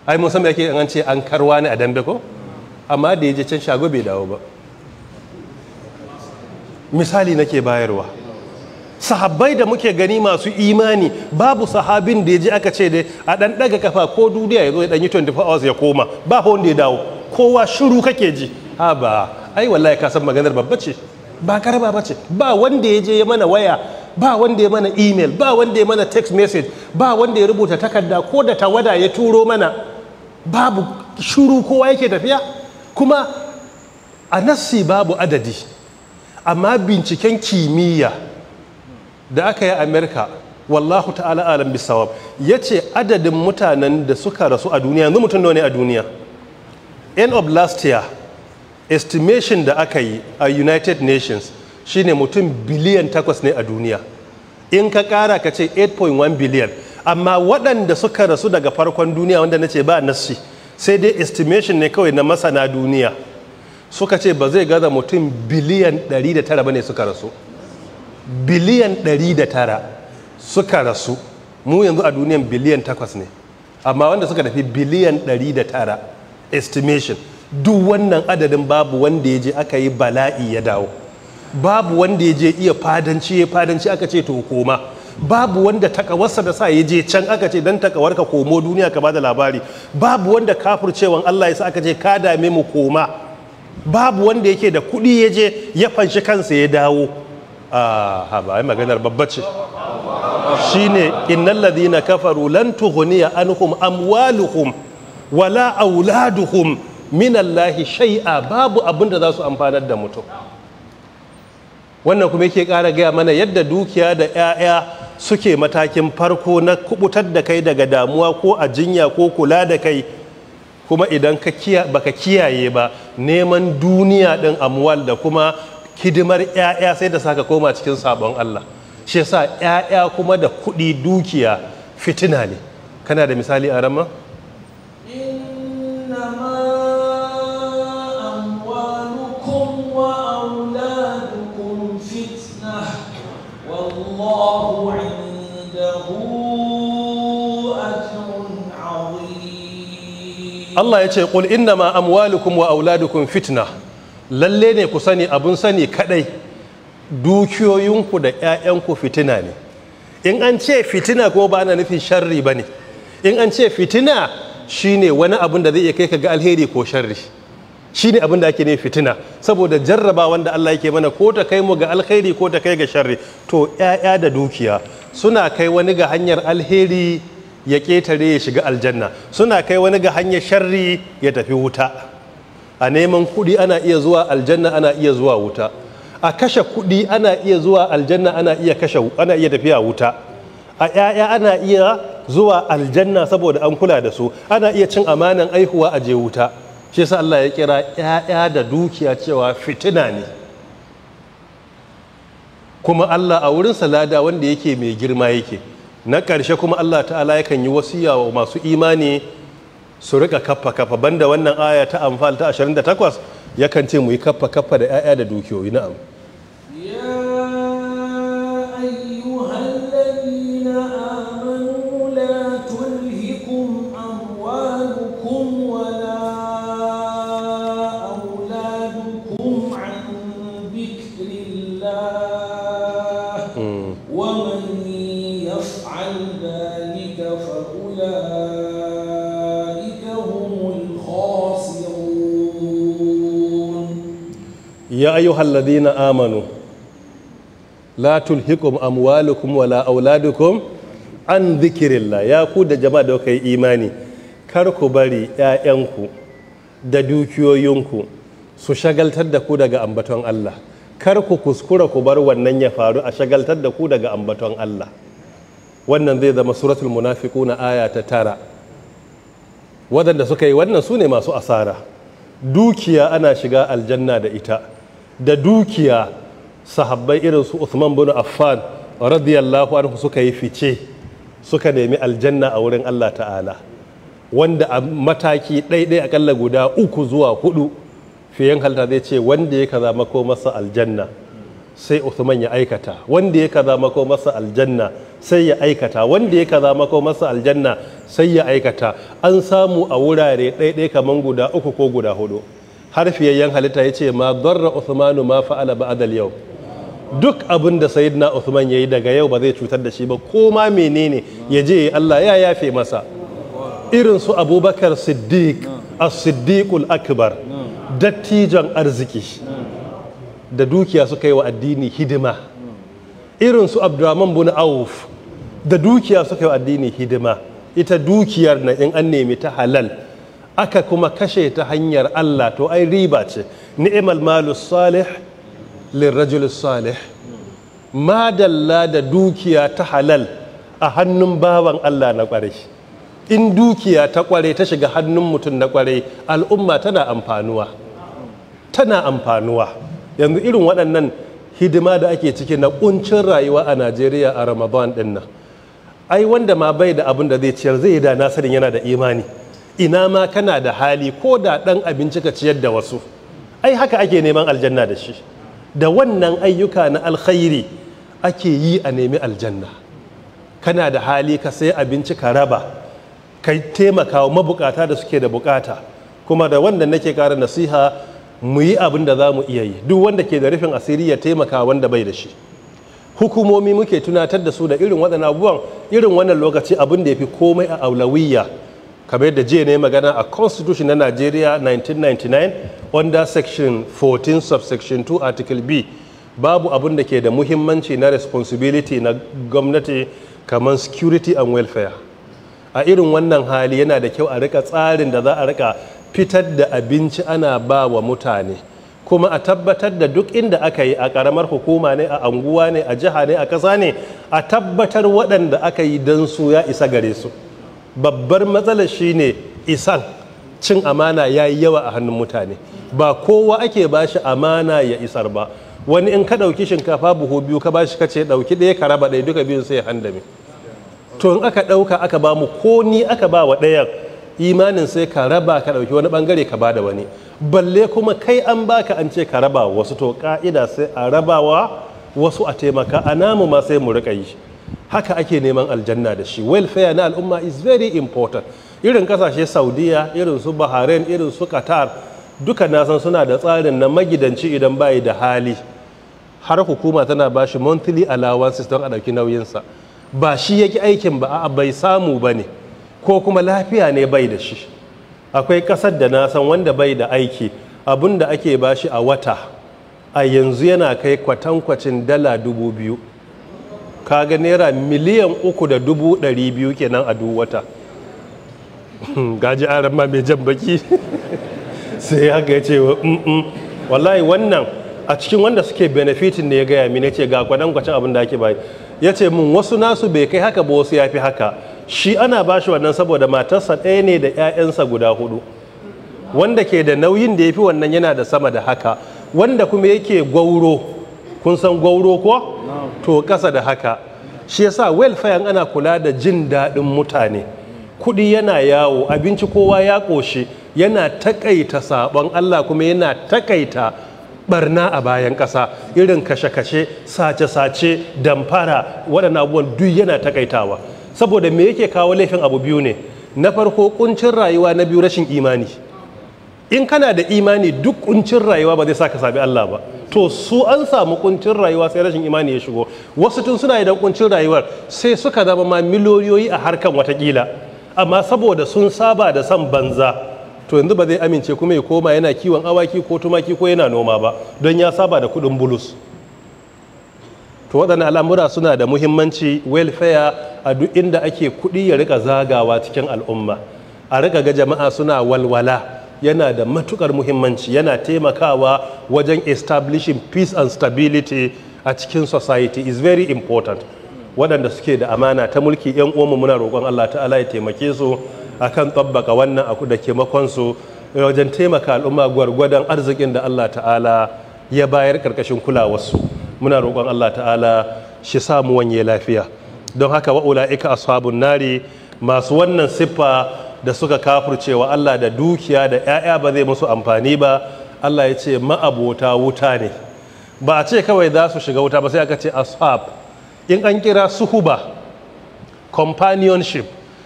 ai mun san me yake an ce an karwa ne a dambe ko amma da ya je can shago bai dawo ba misali nake bayarwa sahabbai da muke gani masu imani babu sahabin da ya je aka ce da a dan daga kafa ko duniya ya zo ya dan yi 24 hours ya koma ba fa wanda ya dawo kowa shiru kake ji ha ba ai wallahi ka san maganar babba ce ba karaba ba ce ba wanda ya je ya mana waya ba wanda ya mana email ba wanda ya mana text message ba wanda ya rubuta takarda ko da tawada ya turo mana babu shuru kowa yake tafiya kuma a nassi babu adadi amma binciken kimiyya da aka yi amerika wallahu ta'ala alam bisawab ya ce adadin mutanen da suka rasu a duniya yanzu mutum ne a duniya end of last year estimation da aka yi a united nations shine mutum biliyan takwas ne a duniya in ka kara ka ce 8.1 biliyan amma waɗanda suka rasu daga farkon duniya wanda na ce ba nasi sai dai estimation ne kawai na masana duniya suka ce ba zai gaza mutum biliyan 109 ba ne suka rasu biliyan 109 suka rasu mu yanzu a duniyan biliyan takwas ne amma wanda suka tafi biliyan 109 estimation duk wannan adadin babu wanda ya je aka yi bala'i ya dawo babu wanda ya je iya fadanci ya fadanci aka ce to koma babu wanda takawarsa da sa ya je can aka ce dan takawar ka komo duniya ka da labari babu wanda kafircewan Allah ya sa aka ce ka dame mu koma babu wanda yake da kuɗi ya je ya fanshi kansa ya dawo a ah, haba ai maganar babbace shine innal na kafaru lan tughniya anhum amwaluhum wala auladuhum minallahi Shai'a. shay'a babu abinda za su amfanar da mutum wannan kuma yake ƙara gaya mana yadda dukiya da 'ya'ya suke matakin farko na kubutar da kai daga damuwa ko a jinya ko kula da kai kuma idan baka kiyaye ba neman duniya ɗin Amuwal da kuma hidimar 'ya'ya sai da saka koma cikin sabon Allah shi yasa 'ya'ya kuma da kuɗi dukiya fitina ne kana da misali a rama? allah ya ce, Ƙul inna ma إنما wa وأولادكم fitna, lalle ne ku sani abun sani kadai dukiyoyinku da 'ya'yanku fitina ne in an ce fitina ko ba na nufin sharri ba ne in an ce fitina shi ne wani abun da zai iya kai ka ga alheri ko sharri Shi shine abin da ake ne fitina saboda jarraba wanda Allah yake mana ko ta kai mu ga alheri ko ta kai ga sharri to ƴaƴa da dukiya suna kai wani ga hanyar alheri ya ketare ya shiga aljanna suna kai wani ga hanyar sharri ya tafi wuta a neman kuɗi ana iya zuwa aljanna ana iya zuwa wuta a kashe kuɗi ana iya zuwa aljanna ana iya kashe ana iya tafiya wuta a ƴaƴa ana iya zuwa aljanna saboda an kula da su ana iya cin amanan aihuwa a je wuta shi yasa Allah ya kira yaya da dukiya cewa fitina ne kuma Allah a wurin salada wanda yake mai girma yake na ƙarshe kuma Allah ta'ala yakan yi wasiya wa masu imani su rika kaffa kaffa banda wannan aya ta amfal ta 28 yakan ce mu yi kaffa kafa da yaya da dukiyoyi na'am ayyuhal amanu la tulhikum amwalukum wala auladukum an zikirillah ya ku da jama'a da kuka imani kar ku bari 'ya'yanku da dukiyoyinku su shagaltar da ku daga ambaton Allah kar ku kuskura ku bar wannan ya faru a shagaltar da ku daga ambaton Allah wannan zai zama suratul munafiquna aya ta tara Wadanda suka yi wannan su ne masu asara dukiya ana shiga aljanna da ita da dukiya sahabbai irin su Usman bin Affan radiyallahu anhu suka yi fice suka nemi aljanna a wurin Allah ta'ala wanda a mataki ɗaiɗai akalla guda uku zuwa hudu fiyen halta zai ce wanda ya kaza mako masa aljanna sai Uthman ya aikata wanda ya kaza mako masa aljanna sai ya aikata wanda ya kaza mako masa aljanna sai ya aikata an samu a wurare ɗaiɗai kaman guda uku ko guda hudu har halitta ya ce ma barra Uthmanu ma fa'ala ba'adal yau duk abin da sayyidina Uthman yayi daga yau ba zai cutar da shi ba ko ma menene ya je Allah ya yafe masa Irinsu Abubakar Siddiq as-Siddiqul Akbar dattijon arziki da dukiya suka yi wa addini hidima Irinsu su Abdurrahman bin Auf da dukiya suka yi wa addini hidima ita dukiyar na in an nemi ta halal aka kuma kashe ta hanyar Allah to ai riba ce Ni'imal malu salih lirrajul salih madalla da dukiya ta halal a hannun bawan Allah na kware in dukiya ta kware ta shiga hannun mutum na kware al'umma tana amfanuwa tana amfanuwa yanzu irin waɗannan hidima da ake ciki na kuncin rayuwa a Najeriya a Ramadan ɗin nan ai wanda ma bai da abin da zai ciyar zai yi da nasarin yana da imani ina ma kana da hali ko da ɗan abinci ka ciyar da wasu ai haka ake neman aljanna da shi da wannan ayyuka na alkhairi ake yi a nemi aljanna kana da hali ka sai abinci ka raba ka taimaka wa mabukata da suke da bukata kuma da wannan nake kara nasiha mu yi abin da za mu iya yi duk wanda ke da rufin asiri ya taimaka wanda bai da shi hukumomi muke tunatar da su da irin waɗannan abubuwan irin wannan lokaci abin da ya fi komai a aulawiyya kamar da jiya ne magana a constitution na nigeria 1999 under section 14 subsection 2 article b babu abin da ke da muhimmanci na responsibility na gwamnati kamar security and welfare a irin wannan hali yana da kyau a rika tsarin da za a rika fitar da abinci ana ba wa mutane kuma a tabbatar da duk inda aka yi a karamar hukuma ne a anguwa ne a jiha ne a kasa ne a tabbatar waɗanda aka yi don su ya isa gare su babbar matsalar shine isan cin amana ya yi yawa a hannun mutane ba kowa ake ba shi amana ya isar ba wani in ka ɗauki shinkafa buhu biyu ka ba shi kace ɗauki ɗaya ka raba ɗaya duka biyun sai ya handame to in aka ɗauka aka ba mu ko ni aka ba wa ɗaya imanin sai ka raba ka ɗauki wani ɓangare ka ba da wani balle kuma kai an baka an ce ka raba wasu to ƙa'ida sai a rabawa wasu a taimaka a namu ma sai mu rika yi haka ake neman aljanna da shi welfare na al'umma is very important irin kasashe saudiya irin su bahrain irin su qatar duka na san suna da tsarin na magidanci idan bayi da hali har hukuma tana ba shi monthly allowance don a ɗauki nauyinsa ba shi yake aikin ba a bai samu ba ne ko kuma lafiya ne bai da shi akwai ƙasar da na san wanda bai da aiki abun da ake ba shi a wata a yanzu yana kai kwatankwacin dala dubu biyu kaga naira miliyan uku da dubu ɗari biyu kenan a duk wata hmm, gaji aran ma mai jan baki sai ya ga ce mm, mm. wallahi wannan a cikin wanda suke benefitin ne ya gaya mini ce ga kwanan kwacin abin da ake bayi ya ce mun wasu nasu bai kai haka ba wasu ya fi haka shi ana ba shi wannan saboda matarsa ɗaya ne da 'ya'yansa guda hudu wanda ke da nauyin da ya fi wannan yana da sama da haka wanda kuma yake gwauro kun san gwauro ko to ƙasa da haka shi yasa welfare ana kula da jin daɗin mutane kuɗi yana yawo abinci kowa ya ƙoshi yana takaita saɓon Allah kuma yana takaita barna a bayan ƙasa irin kashe-kashe sace-sace damfara waɗannan abubuwan duk yana takaitawa saboda me yake kawo laifin abu biyu ne na farko ƙuncin rayuwa na biyu rashin imani in kana da imani duk kuncin rayuwa ba zai sa ka sabi Allah ba to su an samu kuncin rayuwa sai rashin imani ya shigo wasu tun suna idan kuncin rayuwar sai suka zama ma miliyoyi a harkan watakila amma saboda sun saba da san banza to yanzu ba zai amince kuma ya koma yana kiwon awaki ko tumaki ko yana noma ba don ya saba da kuɗin bulus to waɗannan al'amura suna da muhimmanci welfare a duk inda ake kuɗi ya rika zagawa cikin al'umma a rika ga jama'a suna walwala yana da matukar muhimmanci yana taimakawa wajen establishing peace and stability a cikin society is very important waɗanda suke da amana ta mulki 'yan uwanmu muna roƙon Allah ta ya taimake su akan tsabbaka wannan aku da su wajen taimaka al'umma gwargwadon arzikin da Allah ta'ala ya bayar ƙarƙashin kulawarsu muna roƙon Allah ta'ala shi samu wanye lafiya don haka wa'ula ika ashabun nari masu wannan siffa da suka kafurcewa Allah da dukiya da 'ya'ya ba zai musu amfani ba Allah ya ce ma'abota wuta ne ba a ce kawai za su shiga wuta ba sai aka ce ashab in an kira suhuba companionship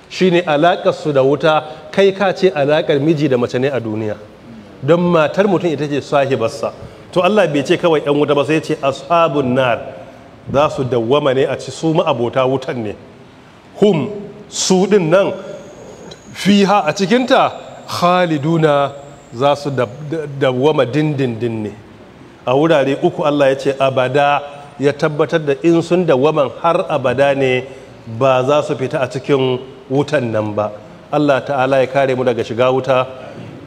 shine alakar su da wuta kai ka ce alakar miji da mace ne a duniya don matar mutum ita ce sahibarsa to Allah bai ce kawai yan wuta ba sai ce ashabun nar za su dawwama ne a ci su ma'abota wutan ne hum su din nan fiha a cikinta khaliduna za su dawwama dindindin ne a wurare uku Allah ya ce abada ya tabbatar da in sun dawwaman har abada ne ba za su fita a cikin wutan nan ba Allah ta'ala ya kare mu daga shiga wuta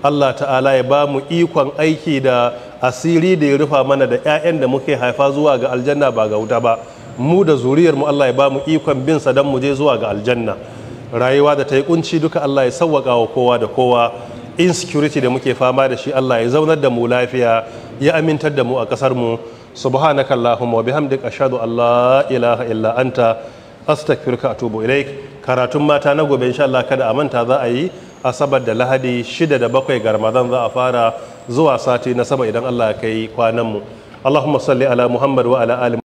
Allah ta'ala ya ba mu ikon aiki da asiri da ya rufa mana da 'ya'yan da muke haifa zuwa ga aljanna ba ga wuta ba mu da zuriyar mu Allah ya ba mu ikon bin sadan dan mu je zuwa ga aljanna rayuwa da ta yi kunci duka Allah ya sauwaƙa wa kowa da kowa in insecurity da muke fama da shi Allah ya zaunar da mu lafiya ya amintar da mu a kasar mu subhanaka allahumma wa bihamdika ashhadu an la ilaha illa anta astaghfiruka atubu ilaik karatun mata na gobe insha Allah kada a manta za a yi asabar da lahadi shida da 7 ga ramadan za a fara zuwa sati na sama idan Allah ya kai kwanan mu salli ala muhammad wa ala ali